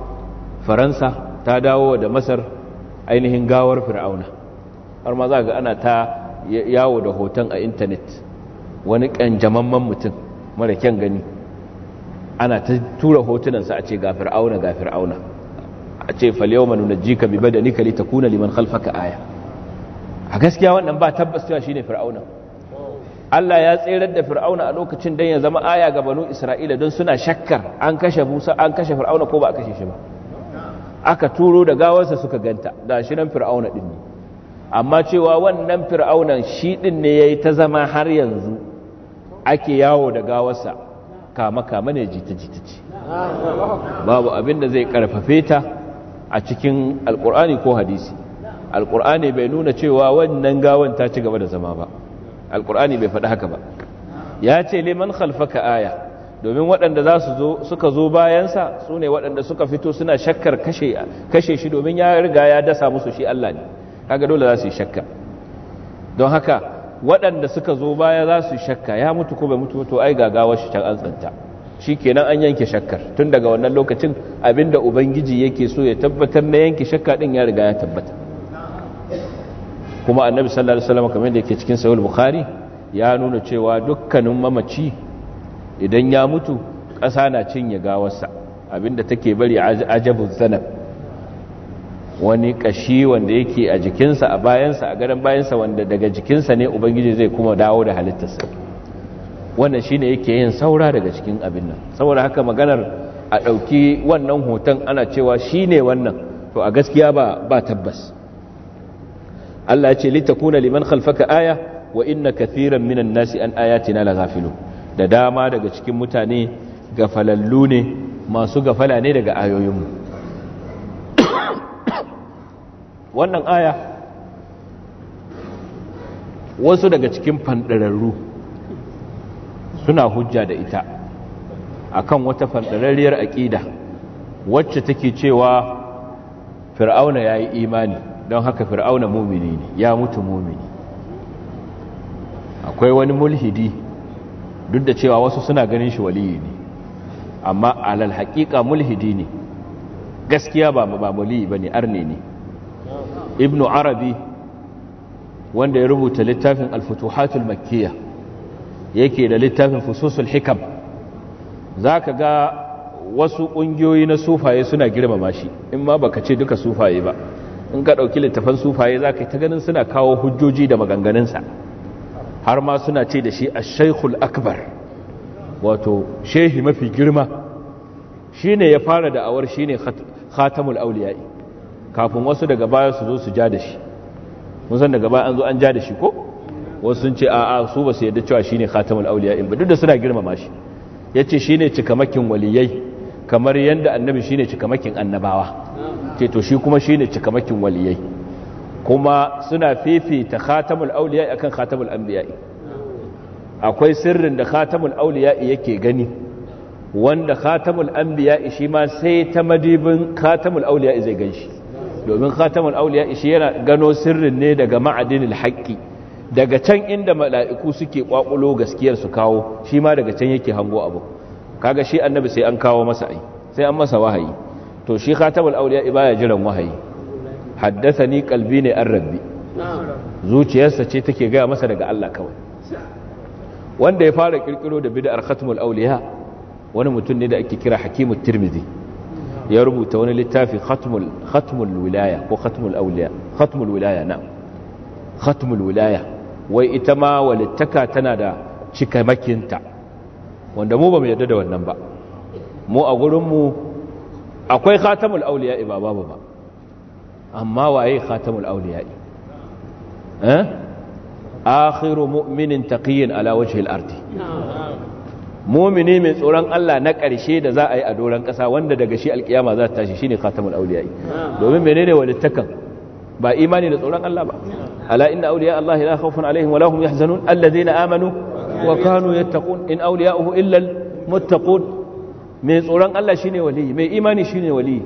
Faransa ta dawo da Masar ainihin gawar fir'auna har ma za ga ana ta yawo da hoton a intanet wani ƙanjamamman mutum mara kyan gani ana ta tura hotunansa a ce ga fir'auna ga fir'auna a ce falyawma nunajjika bi ta kuna liman ka aya a gaskiya wannan ba tabbas cewa shi ne fir'auna Allah ya tserar da fir'auna a lokacin don ya zama aya ga banu Isra'ila don suna shakkar an kashe Musa an kashe fir'auna ko ba a kashe shi ba aka turo da gawarsa suka ganta shi nan fir'auna din ne amma cewa wannan fir'aunan shi din ne ya yi ta zama har yanzu ake yawo da gawarsa kama kama ne jita jita ce babu abin da zai karfafe ta a cikin alkur'ani ko hadisi alkur'ani bai nuna cewa wannan gawan ta ci gaba da zama ba alkur'ani bai faɗi haka ba ya ce liman khalfaka aya domin waɗanda za su zo suka zo bayansa su ne waɗanda suka fito suna shakkar kashe shi domin ya riga ya dasa musu shi Allah ne kaga dole za su yi shakka don haka waɗanda suka zo baya za su shakka ya mutu ko bai mutu to ai gagawa shi can an tsanta kenan an yanke shakkar tun daga wannan lokacin abinda ubangiji yake so ya tabbatar na yanke shakka din ya riga ya tabbata kuma annabi sallallahu alaihi wasallam kamar da yake cikin sahih bukhari ya nuna cewa dukkanin mamaci idan ya mutu ƙasa na cinye gawarsa abinda take bari ajabun zanab wani kashi wanda yake a jikinsa a bayansa a garin bayansa wanda daga jikinsa ne ubangiji zai kuma dawo da halittarsa wannan shi ne yake yin saura daga cikin abin nan saboda haka maganar a ɗauki wannan hoton ana cewa shi ne wannan to a gaskiya ba ba tabbas Allah ya ce litakuna liman khalfaka aya wa inna kathiran minan nasi an na laghafilun da dama daga cikin mutane gafalallu ne masu gafala ne daga ayoyinmu wannan aya wasu daga cikin fandararru suna hujja da ita akan wata fandararriyar aƙida wacce take cewa fir'auna ya yi imani don haka fir'auna mumini ne ya mutu mumini akwai wani mulhidi duk da cewa wasu suna ganin shi waliyi ne amma alal haƙiƙa mulhidi ne gaskiya ba mabamuli ba ne arne ne ibnu arabi wanda ya rubuta littafin alfutuhatul makkiya yake da littafin fususul hikam za ka ga wasu ƙungiyoyi na sufaye suna girmama shi in ma baka ce duka sufaye ba in ka ɗauki littafan sufaye za ka ta ganin suna kawo hujjoji da maganganunsa har ma suna ce da shi a shaikul akbar wato shehi mafi girma shi ne ya fara da'awar shi ne khatamul auliya'i kafin wasu daga baya su zo su ja da shi mun san daga baya an zo an ja da shi ko wasu sun ce a'a su ba su yadda cewa shine khatamul auliya'i ba duk da suna girmama shi yace shine cikamakin waliyai kamar yadda annabi shine cikamakin annabawa ce to shi kuma shine cikamakin waliyai kuma suna fifita khatamul auliya'i akan khatamul anbiya'i akwai sirrin da khatamul auliya'i yake gani wanda khatamul anbiya shi ma sai ta madibin khatamul auliya zai ganshi domin khatamul auliya shi yana gano sirrin ne daga ma'adinil haqqi daga can inda mala'iku suke kwakulo gaskiyar su kawo shi ma daga can yake hango abu kaga shi annabi sai an kawo masa ai sai an masa wahayi to shi khatamul auliya ibaya jiran wahayi haddathani qalbi ne an zuciyarsa ce take gaya masa daga Allah kawai wanda ya fara kirkiro da bid'ar khatamul auliya wani mutum ne da ake kira hakimu tirmidhi ya rubuta wani littafi khatmul wilaya ko khatmul auliya khatmul wilaya na khatmul wilaya wai ita ma walittaka tana da cikamakinta wanda mu ba mu yarda da wannan ba mu a gurinmu akwai khatamul auliya ba babu ba amma waye khatamul auliya eh akhiru mu'minin taqiyin ala wajhi al-ardi mumini mai tsoron Allah na ƙarshe da za a yi a doron ƙasa wanda daga shi alkiyama za ta tashi shine khatamul awliya'i domin menene walittakan ba imani da tsoron Allah ba ala inna awliya Allah la khawfun alaihim wa la hum yahzanun alladhina amanu wa kanu yattaqun in awliya'uhu illa almuttaqun mai tsoron Allah shine wali mai imani shine wali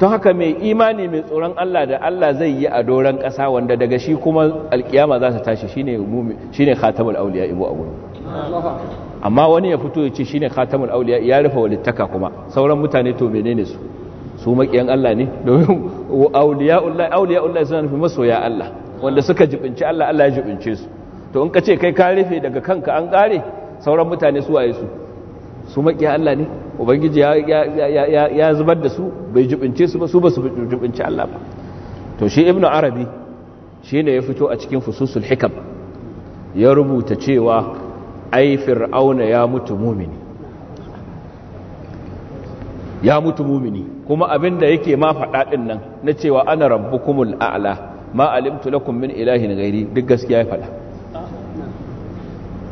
don haka mai imani mai tsoron Allah da Allah zai yi a doron ƙasa wanda daga shi kuma alkiyama za ta tashi shine shine khatamul awliya'i bu a gurin amma wani ya fito ya ce shi ne khatamul auliya ya rufe walittaka kuma sauran mutane to menene su su makiyan Allah ne domin auliya Allah suna nufi masoya Allah wanda suka jibinci Allah Allah ya jibince su to in ka ce kai ka rufe daga kanka an kare sauran mutane su waye su su makiyan Allah ne ubangiji ya zubar da su bai jibince su ba su ba su jibinci Allah ba to shi ibnu arabi shine ya fito a cikin fususul hikam ya rubuta cewa ai fir'auna ya mutu mumini ya mutu mumini kuma abinda yake ma faɗaɗin nan na cewa ana rabbukumul a'la ma alimtu lakum min ilahin ghairi duk gaskiya ya faɗa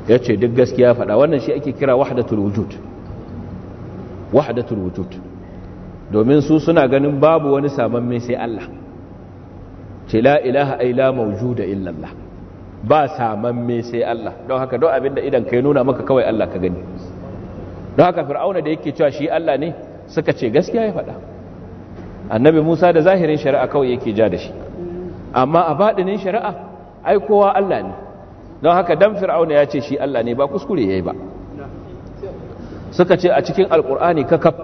yace duk gaskiya ya faɗa wannan shi ake kira wahdatul wujud wahdatul wujud domin su suna ganin babu wani saman mai sai Allah ce la ilaha ai la mawjuda illa Allah ba samamme sai Allah don haka don abinda idan kai nuna maka kawai Allah ka gani don haka fir'auna da yake cewa shi Allah ne suka ce gaskiya ya faɗa annabi Musa da zahirin shari'a kawai yake ja da shi amma a baɗinin shari'a ai kowa Allah ne don haka dan fir'auna ya ce shi Allah ne ba kuskure yayi ba suka ce a cikin alkur'ani kakaf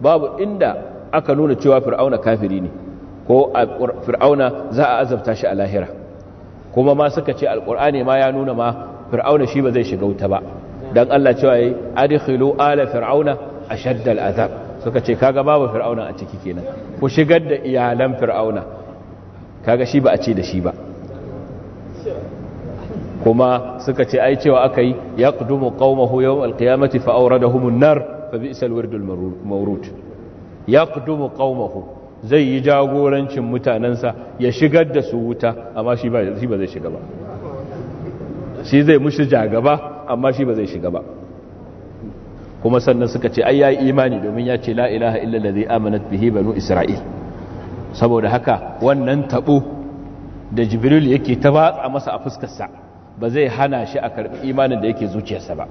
babu inda aka nuna cewa fir'auna kafiri ne ko fir'auna za a azabta shi a lahira kuma ma suka ce alkur'ani ma ya nuna ma fir'auna shi ba zai shiga wuta ba dan Allah cewa yi adkhilu ala fir'auna ashadda al'azab suka ce kaga babu fir'auna a ciki kenan ku shigar da iyalan fir'auna kaga shi ba a ce da shi ba kuma suka ce ai cewa aka yi ya kudumu qaumahu yawm alqiyamati fa awradahum an-nar fa bi'sal wirdul mawrud ya qaumahu zai yi jagorancin mutanensa ya shigar da su wuta amma shi ba zai shiga ba shi zai mushi jagaba amma shi ba zai shiga ba kuma sannan suka ce ai yayi imani domin ya ce la ilaha illa allazi amanat bihi banu isra'il saboda haka wannan taɓo da jibril yake ta batsa masa a fuskarsa sa ba zai hana shi a karbi imanin da yake zuciyarsa ba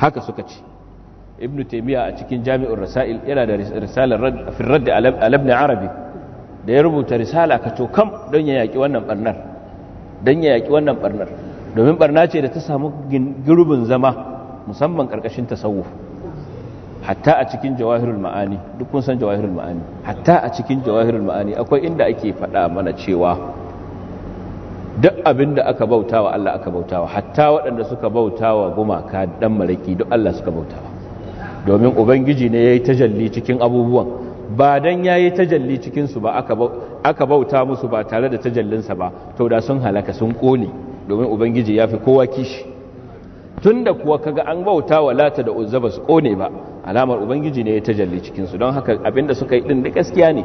haka suka ce ibnu taimiya a cikin jami'ur rasail yana da risalar radd al ibn arabi da ya rubuta risala ka to don ya yaki wannan barnar don ya yaki wannan barnar domin barna ce da ta samu girbin zama musamman karkashin tasawuf hatta a cikin jawahirul ma'ani duk kun san jawahirul ma'ani hatta a cikin jawahirul ma'ani akwai inda ake faɗa mana cewa duk abin da aka bautawa Allah aka bautawa hatta waɗanda suka bautawa gumaka dan malaki duk Allah suka bautawa domin ubangiji ne ya yi tajalli cikin abubuwan ba don ya yi tajalli cikinsu ba aka bauta musu ba tare da tajallinsa ba to da sun halaka sun ƙone domin ubangiji ya fi kowa kishi tun da kuwa kaga an bauta wa lata da uzza ba su ƙone ba alamar ubangiji ne ya tajalli cikinsu don haka abinda suka yi ɗin da gaskiya ne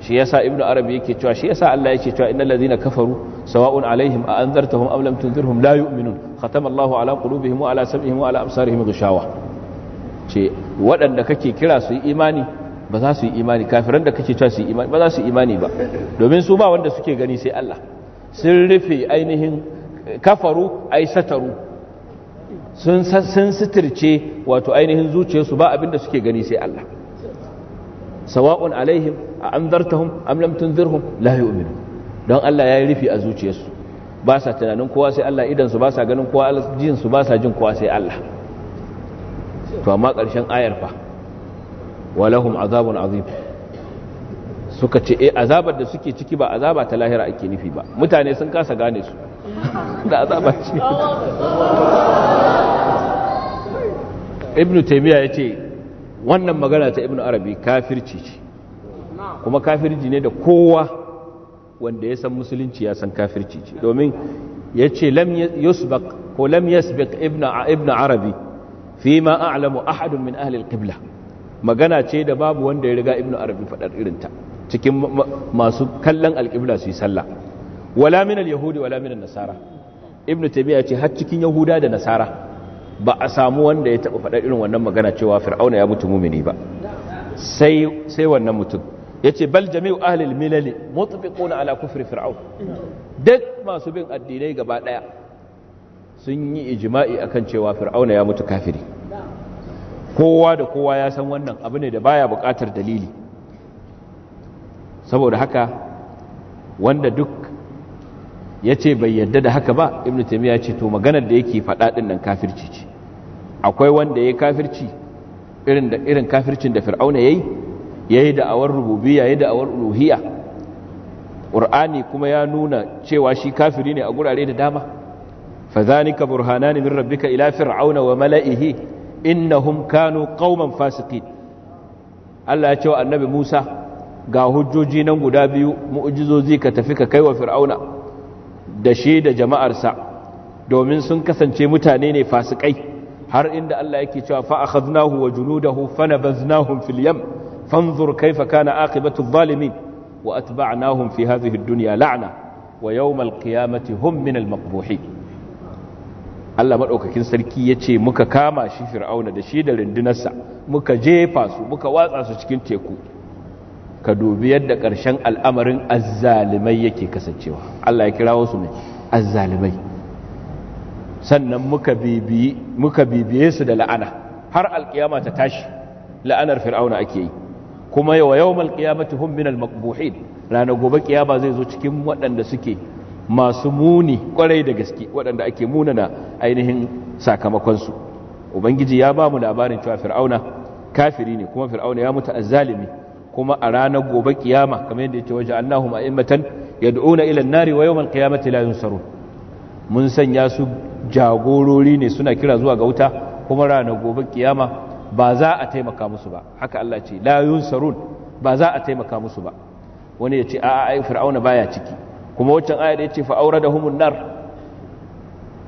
shi yasa ibnu arabi yake cewa shi sa Allah yake cewa innal lazina kafaru sawa'un alaihim a anzartahum aw lam tunzirhum la yu'minun khatama Allahu ala qulubihim wa ala sam'ihim wa ala absarihim ghishawa ce waɗanda kake kira su yi imani ba za su yi imani kafiran da kake cewa su yi imani ba za su yi imani ba domin su ba wanda suke gani sai Allah sun rufe ainihin kafaru ai sataru sun sun sitirce wato ainihin zuciyarsu ba abin da suke gani sai Allah sawa'un alaihim a anzartahum am lam tunzirhum la yu'minu don Allah ya yi rufe a zuciyarsu ba sa tunanin kowa sai Allah idan su ba sa ganin kowa jin su ba sa jin kowa sai Allah to amma ƙarshen ayar fa walahum azabun azim suka ce eh azabar da suke ciki ba azaba ta lahira ake nufi ba mutane sun kasa gane su da azaba ce ibnu taymiya yace wannan magana ta ibnu arabi kafirci ce kuma kafirci ne da kowa wanda ya san musulunci ya san kafirci ce domin yace lam yusbaq ko lam yusbaq ibnu ibnu arabi fi ma a'lamu ahadun min ahli al-qibla magana ce da babu wanda ya riga ibnu arabi fadar irinta cikin masu kallon al-qibla su yi sallah wala min al-yahudi wala min an-nasara ibnu tabi'a ce har cikin yahuda da nasara ba a samu wanda ya taba fadar irin wannan magana cewa fir'auna ya mutu mumini ba sai sai wannan mutum yace bal jami'u ahli al-milal mutfiquna ala kufri fir'aun duk masu bin addinai gaba daya sun yi ijima'i akan cewa fir'auna ya mutu kafiri kowa da kowa ya san wannan abu ne da baya bukatar dalili saboda haka wanda duk ya ce bai yadda da haka ba ibn ya ce to maganar da yake faɗa nan kafirci ce akwai wanda ya kafirci irin kafircin da fir'auna ya yi yayi da awar rububiyya yayi da awar uluhiya, Ƙur'ani kuma ya nuna cewa shi kafiri ne a gurare da dama فذلك برهانان من ربك إلى فرعون وملئه إنهم كانوا قوما فاسقين الله يتوى النبي موسى قال هجوجي نمو دابي مؤجزو زيك تفك كي وفرعون دشيد جماع رسع دومن سنكسن چه متانين فاسقين هر إن الله يتوى فأخذناه وجنوده فنبذناهم في اليم فانظر كيف كان آقبة الظالمين وأتبعناهم في هذه الدنيا لعنة ويوم القيامة هم من المقبوحين Allah maɗaukakin sarki ya ce muka kama shi fir'auna da shi da rundunarsa muka jefa su muka watsa su cikin teku ka dubi yadda ƙarshen al'amarin azzalimai yake kasancewa Allah ya kirawo su mai azzalimai sannan muka bibiye su da la'ana har alƙiyama ta tashi la'anar fir'auna ake yi kuma yawa yawmal qiyamati hum min al-maqbuhin ranar gobe ƙiyama zai zo cikin waɗanda suke masu muni kwarai da gaske waɗanda ake munana ainihin sakamakonsu ubangiji ya ba mu labarin cewa fir'auna kafiri ne kuma fir'auna ya mutu azzalimi kuma a ranar gobe kiyama kamar yadda yake waje annahum a'immatan yad'una ila an-nari wa yawm al-qiyamati la yunsarun mun sanya su jagorori ne suna kira zuwa ga wuta kuma ranar gobe kiyama ba za a taimaka musu ba haka Allah ce la yunsarun ba za a taimaka musu ba wani ya ce a'a ai fir'auna baya ciki kuma wancan ayar yace fa awradahum an-nar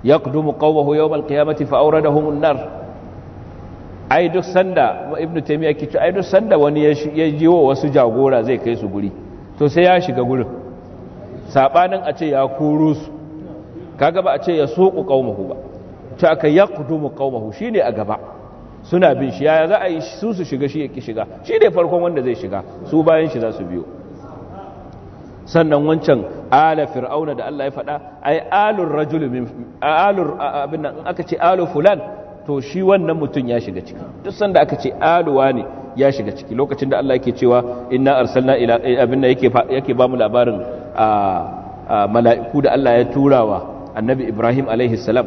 yaqdumu qawmuhu yawm al-qiyamati fa awradahum an-nar ai duk sanda ibnu taymiya kici ai duk sanda wani ya jiwo wasu jagora zai kai su guri to sai ya shiga gurin sabanin a ce ya koro su kaga ba a ce ya soku qawmuhu ba to aka yaqdumu qawmuhu shine a gaba suna bin shi ya za a yi su su shiga shi ya ki shiga shi ne farkon wanda zai shiga su bayan shi za su biyo sannan wancan ala fir'auna da Allah ya faɗa ai alur rajul min alur abin nan aka ce alu fulan to shi wannan mutum ya shiga ciki duk sanda aka ce aluwa ne ya shiga ciki lokacin da Allah yake cewa inna arsalna ila eh, abin nan yake yake ba mu labarin a mala'iku da Allah ya turawa annabi Ibrahim alaihi salam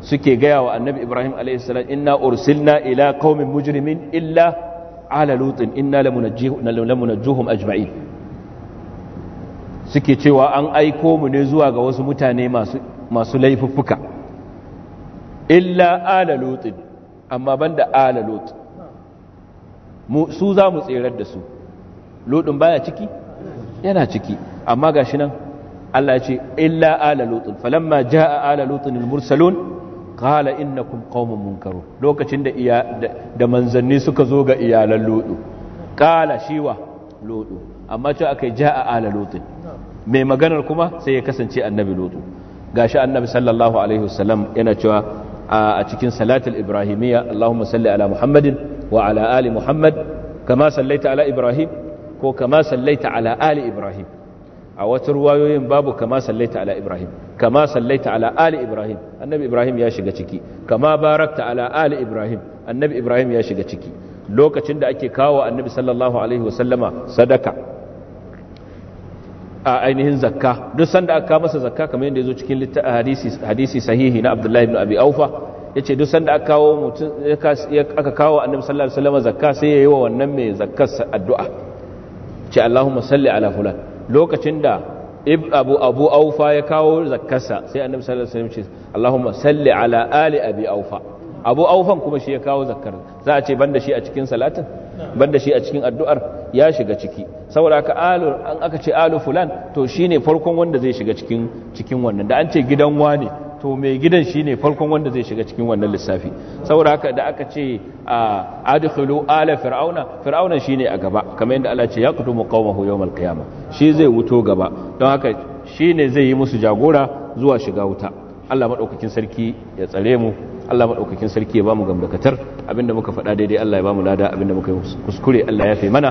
suke gaya wa annabi Ibrahim alaihi salam inna ursilna ila qaumin mujrimin illa ala lutin inna lamunajjihum ajma'in suke cewa an aiko mu ne zuwa ga wasu mutane masu laifuffuka illa ala lutin amma banda ala lutin su za mu tserar da su lutin baya ciki yana ciki amma ga shi nan Allah ya ce illa ala lutin falamma jaa ala lutin al-mursalun qala innakum mun munkarun lokacin da manzanni suka zo ga iyalan lutu Ƙala shiwa lutu amma ce akai jaa ala lutin mai maganar kuma sai ya kasance annabi lutu gashi annabi sallallahu alaihi wasallam yana cewa a cikin salatul ibrahimiyya Allahumma salli ala Muhammadin wa ala ali Muhammad kama sallaita ala Ibrahim ko kama sallaita ala ali Ibrahim a wata ruwayoyin babu kama sallaita ala Ibrahim kama sallaita ala ali Ibrahim annabi Ibrahim ya shiga ciki kama barakta ala ali Ibrahim annabi Ibrahim ya shiga ciki lokacin da ake kawo annabi sallallahu alaihi wasallama sadaka a ainihin zakka duk sanda aka kawo masa zakka kamar yadda ya zo cikin hadisi sahihi na abdullahi ibn abi aufa ya ce duk sanda aka kawo mutum aka kawo annabi sallallahu alaihi wasallam zakka sai ya yi wa wannan mai zakkar addu'a ce allahumma salli ala fulan lokacin da abu abu aufa ya kawo zakkarsa sai annabi sallallahu alaihi wasallam ce allahumma salli ala ali abi aufa abu aufan kuma shi ya kawo zakkar za a ce banda shi a cikin salatin banda shi a cikin addu'ar ya shiga ciki saboda ka alu an aka ce alu fulan to shine farkon wanda zai shiga cikin cikin wannan da an ce gidan wane to mai gidan shine farkon wanda zai shiga cikin wannan lissafi saboda haka da aka ce a adkhulu ala fir'auna fir'auna shine a gaba kamar yadda Allah ce ya kutumu qaumahu yawmal qiyamah shi zai wuto gaba don haka shine zai yi musu jagora zuwa shiga wuta Allah madaukakin sarki ya tsare mu Allah madaukakin sarki ya bamu gamdakatar abinda muka faɗa daidai Allah ya bamu lada abinda muka yi kuskure Allah ya fi mana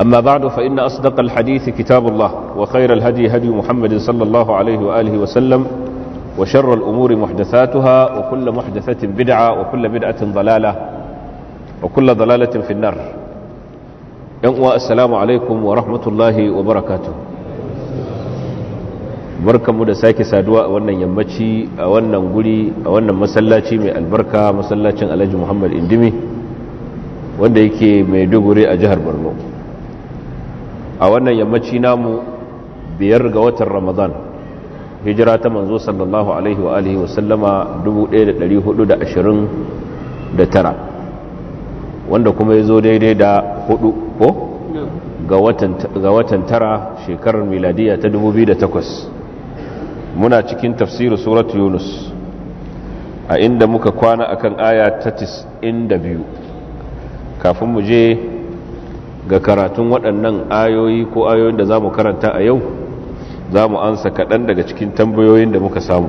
أما بعد فإن أصدق الحديث كتاب الله وخير الهدي هدي محمد صلى الله عليه وآله وسلم وشر الأمور محدثاتها وكل محدثة بدعة وكل بدعة ضلالة وكل ضلالة في النار ينقوى السلام عليكم ورحمة الله وبركاته barkan mu da sake saduwa a wannan yammaci a wannan guri a wannan masallaci mai albarka masallacin alhaji muhammad indimi wanda yake mai duguri a jihar borno a wannan yammaci namu biyar ga watan ramadan hijira ta manzo sallallahu alaihi wa alihi wa sallama 1429 wanda kuma ya zo daidai da hudu ko ga watan tara shekarar miladiya ta 2008 muna cikin tafsirin suratu yunus a inda muka kwana akan aya ta 92 kafin mu je ga karatun waɗannan ayoyi ko ayoyin da za mu karanta a yau za mu ansa kaɗan daga cikin tambayoyin da muka samu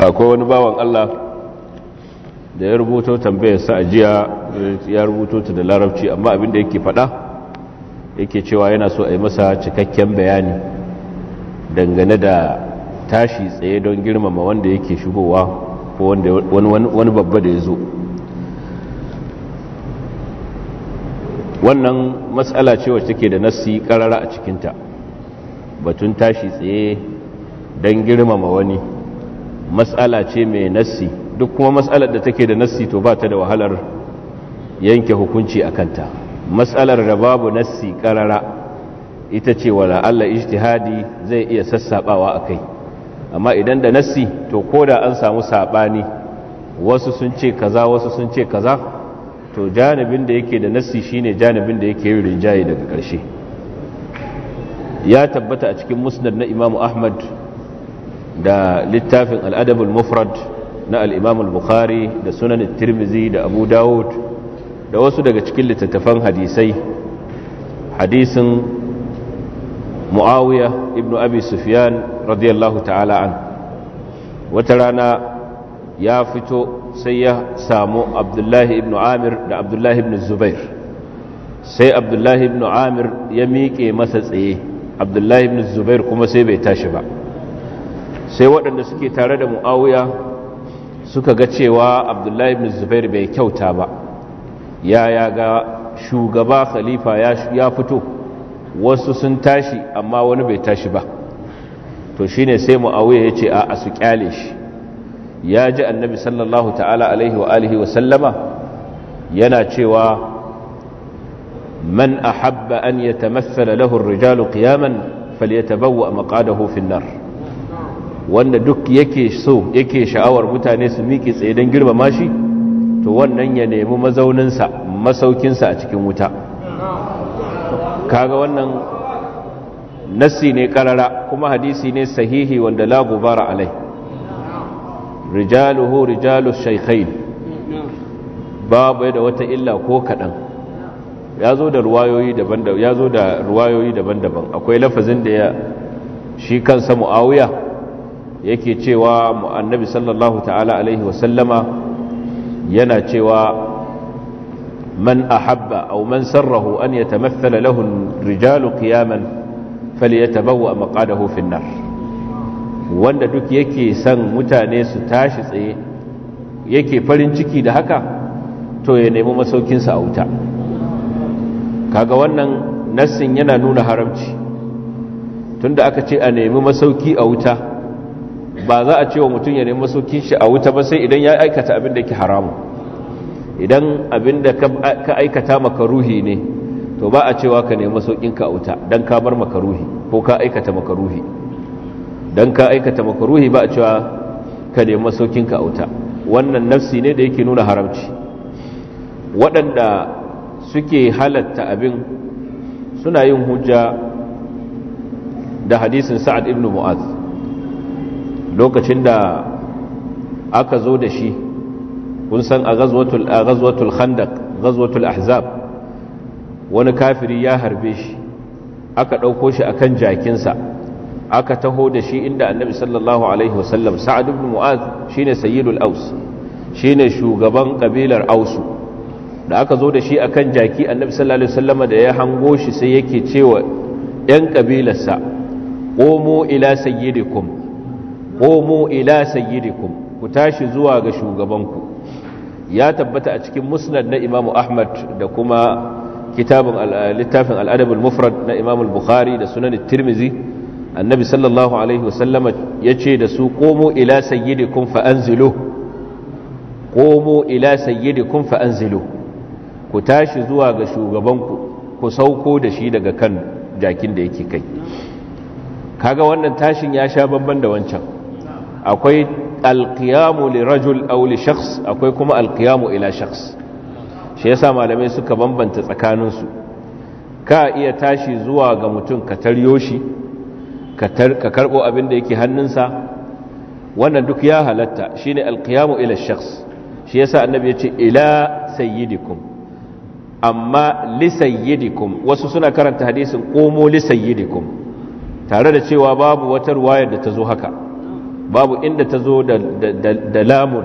akwai wani bawan Allah da ya rubuto tambayarsa a jiya ya rubuto ta da larabci amma abin abinda yake faɗa yake cewa yana so a yi masa cikakken bayani dangane da tashi tsaye don girmama wanda yake shigowa ko wani babba da ya zo wannan matsala ce wacce take da nassi karara a cikinta batun tashi tsaye don girmama wani matsala ce mai nassi duk kuma matsalar da take da nassi to ba ta da wahalar yanke hukunci a kanta matsalar da babu nassi karara ita ce wala Allah ijtihadi zai iya sassabawa a kai amma idan da nassi to ko da an samu saɓani wasu sun ce kaza wasu sun ce kaza to janibin da yake da nassi shine janibin da yake yin rinjaye daga ƙarshe ya tabbata a cikin musnad na imam ahmad da littafin al'adabul mufrad na al bukhari da sunan tirmizi da abu dawud da wasu daga cikin littattafan hadisai hadisin muawiya Ibn abi sufyan radiyallahu ta'ala an wata rana ya fito sai ya samu abdullahi Ibn amir da abdullahi Ibn zubair sai abdullahi Ibn amir ya miƙe masa tsaye abdullahi Ibn zubair kuma sai bai tashi ba sai waɗanda suke tare da muawiya suka ga cewa abdullahi Ibn zubair bai kyauta ba ya ga shugaba khalifa ya fito wasu sun tashi amma wani bai tashi ba to shine sai muawiya ya a a su kyale shi ya ji annabi sallallahu ta'ala alaihi wa alihi wa sallama yana cewa man ahabba an yatamassala lahu lahun rijalu kiyaman falyatabawwa maqadahu fi nar wanda duk yake so yake sha'awar mutane su miƙe tsaye don girmama shi to wannan ya nemi mazauninsa masaukinsa a cikin wuta kaga wannan nassi ne karara kuma hadisi ne sahihi wanda la gubara alai rijaluhu rijalu shaykhain babu yadda wata illa ko kadan ya zo da ruwayoyi daban-daban da ruwayoyi daban-daban akwai lafazin da ya shi kansa muawiya yake cewa annabi sallallahu ta'ala alaihi sallama yana cewa من أحب أو من سره أن يتمثل له الرجال قياما فليتبوأ مقعده في النار wanda duk yake son mutane su tashi tsaye yake farin ciki da haka to ya nemi masaukinsa a wuta kaga wannan nassin yana nuna haramci tunda aka ce a nemi masauki a wuta ba za a ce wa mutum ya nemi masaukin shi a wuta ba sai idan ya aikata abin da yake haramu idan abin da ka aikata makaruhi ne to ba a cewa ka nemi sauƙin ka auta don ka bar makaruhi ko ka aikata makaruhi Don ka aikata makaruhi ba a cewa ka nemi sauƙin ka auta wannan nafsi ne da yake nuna haramci waɗanda suke halatta abin suna yin hujja da hadisin sa'ad ibn mu'az lokacin da aka zo da shi kun san a ghazwatul khandaq ghazwatul ahzab wani kafiri ya harbe shi aka ɗauko shi akan jakinsa aka taho da shi inda annabi sallallahu alaihi wasallam sa'ad ibn mu'az shine sayyidul aus shine shugaban kabilar ausu da aka zo da shi akan jaki annabi sallallahu alaihi wasallam da ya hango shi sai yake cewa yan kabilarsa komo ila sayyidikum komo ila sayyidikum ku tashi zuwa ga shugabanku ya tabbata a cikin musnad na imamu ahmad da kuma kitabun littafin al'adabin mufrad na imamu bukhari da sunan tirmizi annabi sallallahu alaihi wasallama ya ce da su komo ila sayyidi sayyidikum fa'anzilu komo ila sayyidi sayyidikum fa'anzilu ku tashi zuwa ga shugabanku ku sauko da shi daga kan jakin da yake kai kaga wannan tashin ya sha bamban da wancan akwai alqiyamu li rajul aw li akwai kuma alqiyamu ila shaks shi yasa malamai suka bambanta tsakaninsu ka iya tashi zuwa ga mutum ka taryo shi ka karbo abin da yake hannunsa wannan duk ya halatta shine alkiyamu ila shaks shi yasa annabi ya ce ila sayyidikum amma li sayyidikum wasu suna karanta hadisin komo li sayyidikum tare da cewa babu wata ruwayar da ta zo haka babu inda ta zo da lamun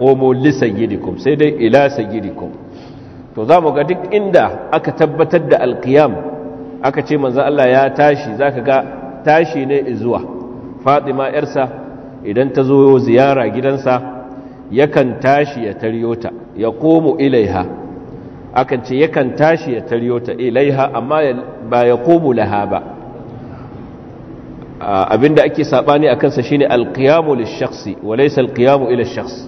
omo li sai dai ila sayyidikum to za mu ga duk inda aka tabbatar da alkiyam aka ce manzo Allah ya tashi za ka ga tashi ne zuwa Fatima yarsa idan ta zo ziyara gidansa yakan tashi ya taryo ta ya komo ilaiha akan ce yakan tashi ya taryo ta ilaiha amma ba ya komo laha ba Ah, abinda ake sabani akan sa shine alqiyamu lishshakhsi wa laysa alqiyamu ila shakhs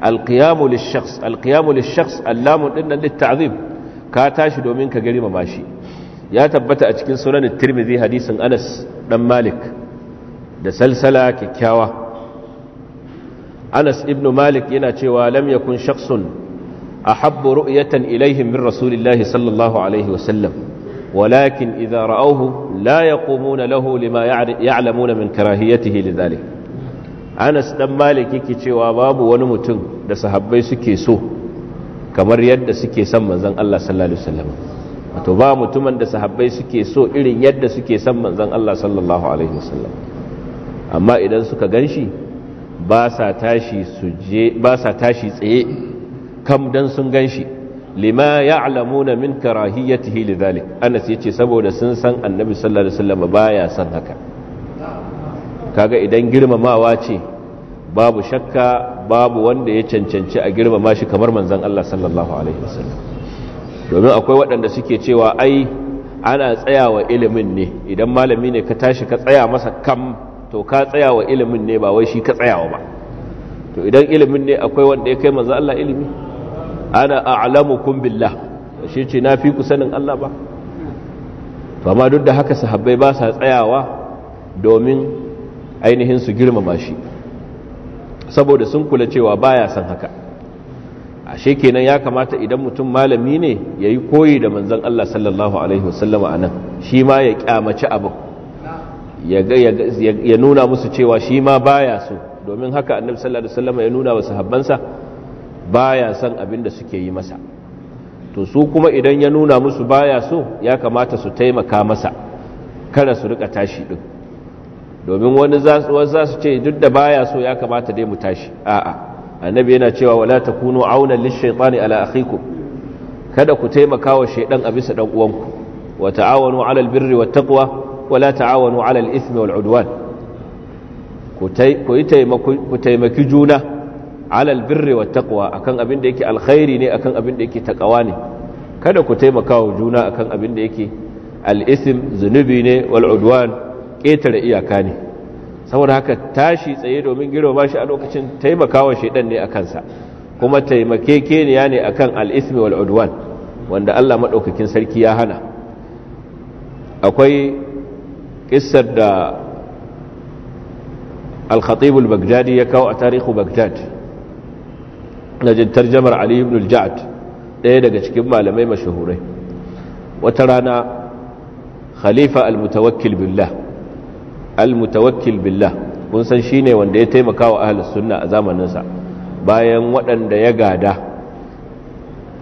alqiyamu lishshakhs alqiyamu allamu din litta'zim ka tashi domin ka gari mamashi ya tabbata a cikin sunan at-tirmidhi hadisin Anas dan Malik da salsala kikkiawa Anas ibn Malik yana cewa lam yakun shakhsun ahabbu ru'yatan ilayhim min rasulillahi sallallahu alaihi wa sallam walakin idza ra'awhu la yaqumuna lahu lima ya'lamuna min karahiyatihi lidhalik Anas dan Malik yake cewa babu wani mutum da sahabbai suke so kamar yadda suke son manzon Allah sallallahu ba mutumin da sahabbai suke so irin yadda suke son manzon Allah sallallahu amma idan suka ganshi ba sa tashi tashi tsaye kam dan sun ganshi lima ya na min karahiyatihi lidhalik Anas yace saboda sun san Annabi sallallahu alaihi wasallam baya san haka kaga idan girmamawa ce babu shakka babu wanda ya cancanci a girmama shi kamar manzon Allah sallallahu alaihi wasallam domin akwai waɗanda suke cewa ai ana tsayawa ilimin ne idan malami ne ka tashi ka tsaya masa kam to ka tsaya wa ilimin ne ba wai shi ka tsayawa ba to idan ilimin ne akwai wanda ya kai manzon Allah ilimi ana a'lamukum billah shi ce na fi ku sanin Allah ba to amma duk da haka sahabbai ba sa tsayawa domin ainihin su girmama shi saboda sun kula cewa baya san haka ashe kenan ya kamata idan mutum malami ne ya yi koyi da manzan Allah sallallahu Alaihi wasallama a nan shi ma ya kyamaci abu. ya nuna musu cewa shi ma baya so domin haka annabi sallallahu Alaihi wasallama ya nuna wa sahabbansa baya san abin da suke yi masa to su kuma idan ya nuna musu baya so ya kamata su taimaka masa kada su rika tashi din domin wani za su ce duk da baya so ya kamata dai mu tashi a'a annabi yana cewa wala takunu auna lish ala akhikum kada ku taimaka wa shaydan a bisa dan uwanku wa ta'awanu albirri birri taqwa wala ta'awanu 'alal ithmi wal 'udwan ku taimaki juna alal birri wa taqwa akan abin da yake alkhairi ne akan abin da yake taqwa ne kada ku taimaka wa juna akan abin da yake al-ism zunubi ne wal udwan ƙetare iyaka ne saboda haka tashi tsaye domin ba shi a lokacin taimakawa shedan ne a kansa kuma taimake taimakekeniya ne akan al-ismi wal udwan wanda Allah madaukakin sarki ya hana akwai kissar da al-khatib al-baghdadi ya kawo a tarihi baghdadi na jin tarjamar ali ibn al-ja'd ɗaya daga cikin malamai mashahurai wata rana khalifa al-mutawakkil billah al-mutawakkil billah kun san shine wanda ya taimaka wa ahlus sunna a bayan waɗanda ya gada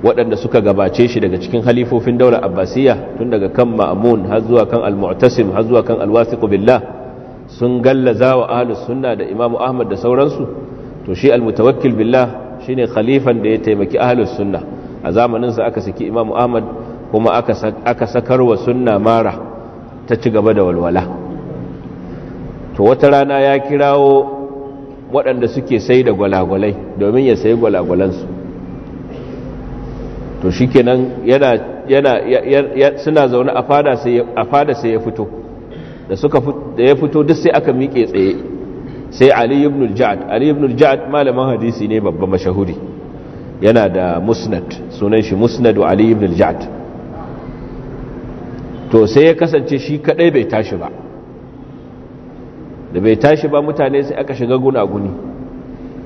waɗanda suka gabace shi daga cikin halifofin daular abbasiyya tun daga kan Mamun, har zuwa kan al-mu'tasim har zuwa kan al-wasiq billah sun gallaza wa ahlus sunna da imamu ahmad da sauransu to shi al-mutawakkil billah ne khalifan da ya taimaki ahlus sunna a zamaninsa aka saki imamu ahmad kuma aka sakar sakarwa sunna mara ta ci gaba da walwala to wata rana ya kirawo waɗanda suke sai da gwalagwalai domin ya sayi gwalagwalansu to shikenan suna zaune a fada sai ya fito da ya fito duk sai aka miƙe tsaye sai ali ibn al-ja'd ali ibn al-ja'd malamin hadisi ne babba mashahuri yana da musnad sunan shi musnad ali ibn al-ja'd to sai ya kasance shi kadai bai tashi ba da bai tashi ba mutane sai aka shiga gunaguni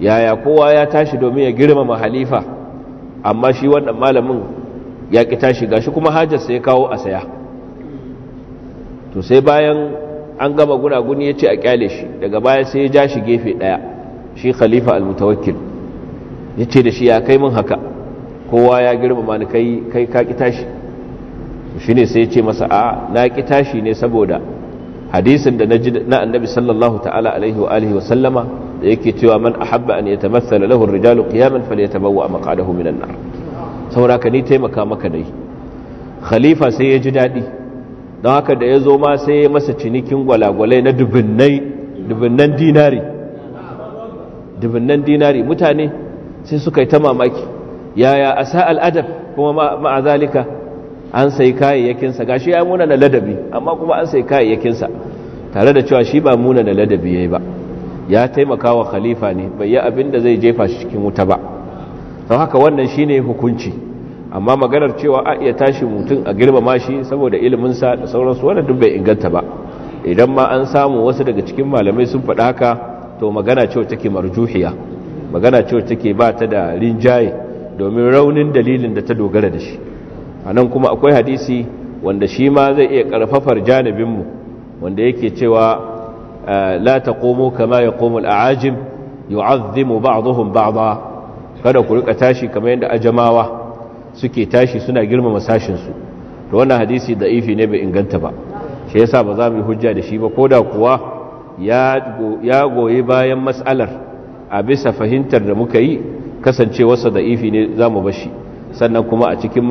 yaya kowa ya tashi domin ya girmama halifa amma shi wannan malamin ya ki tashi gashi kuma hajar sai ya kawo a saya to sai bayan an gama gunaguni ya ce a kyale shi daga baya sai ya ja shi gefe ɗaya shi khalifa almutawakkil ya ce da shi ya kai min haka kowa ya girmama mani kai ka ƙi tashi shi ne sai ya ce masa a na ƙi tashi ne saboda hadisin da na annabi sallallahu ta'ala alaihi wa alihi wa sallama da yake cewa man ahabba an yatamathala lahu ar-rijalu qiyaman falyatabawwa maq'adahu minan nar saboda ka ni taimaka maka dai khalifa sai ya ji daɗi don haka da ya zo ma sai ya masa cinikin gwalai-gwalai na dubinnan dinari dubinnan dinari mutane sai suka yi ta mamaki yaya a sa adab kuma ma'azalika an sai kayayyakinsa ga shi ya muna na ladabi amma kuma an sai kayayyakinsa tare da cewa shi ba muna na ladabi ya yi ba ya taimaka wa khalifa ne bai yi abin da zai jefa shi cikin wuta ba don haka wannan shine hukunci amma maganar cewa a iya tashi mutum a girmama shi saboda iliminsa da sauransu wannan duk bai inganta ba idan ma an samu wasu daga cikin malamai sun faɗa haka to magana cewa take marjuhiya magana cewa take ba ta da rinjaye domin raunin dalilin da ta dogara da shi a nan kuma akwai hadisi wanda shi ma zai iya ƙarfafar janibinmu wanda yake cewa eh, la taqumu kama yaqumu al-aajim yu'azzimu ba'dhuhum ba'dha kada ku rika tashi kamar yadda ajamawa suke tashi suna girmama sashinsu da wannan hadisi da ifi ne bai inganta ba shi yasa ba za mu yi hujja da shi ba ko da kuwa ya goyi bayan matsalar a bisa fahimtar da muka yi kasancewarsa da ifi ne za mu shi sannan kuma a cikin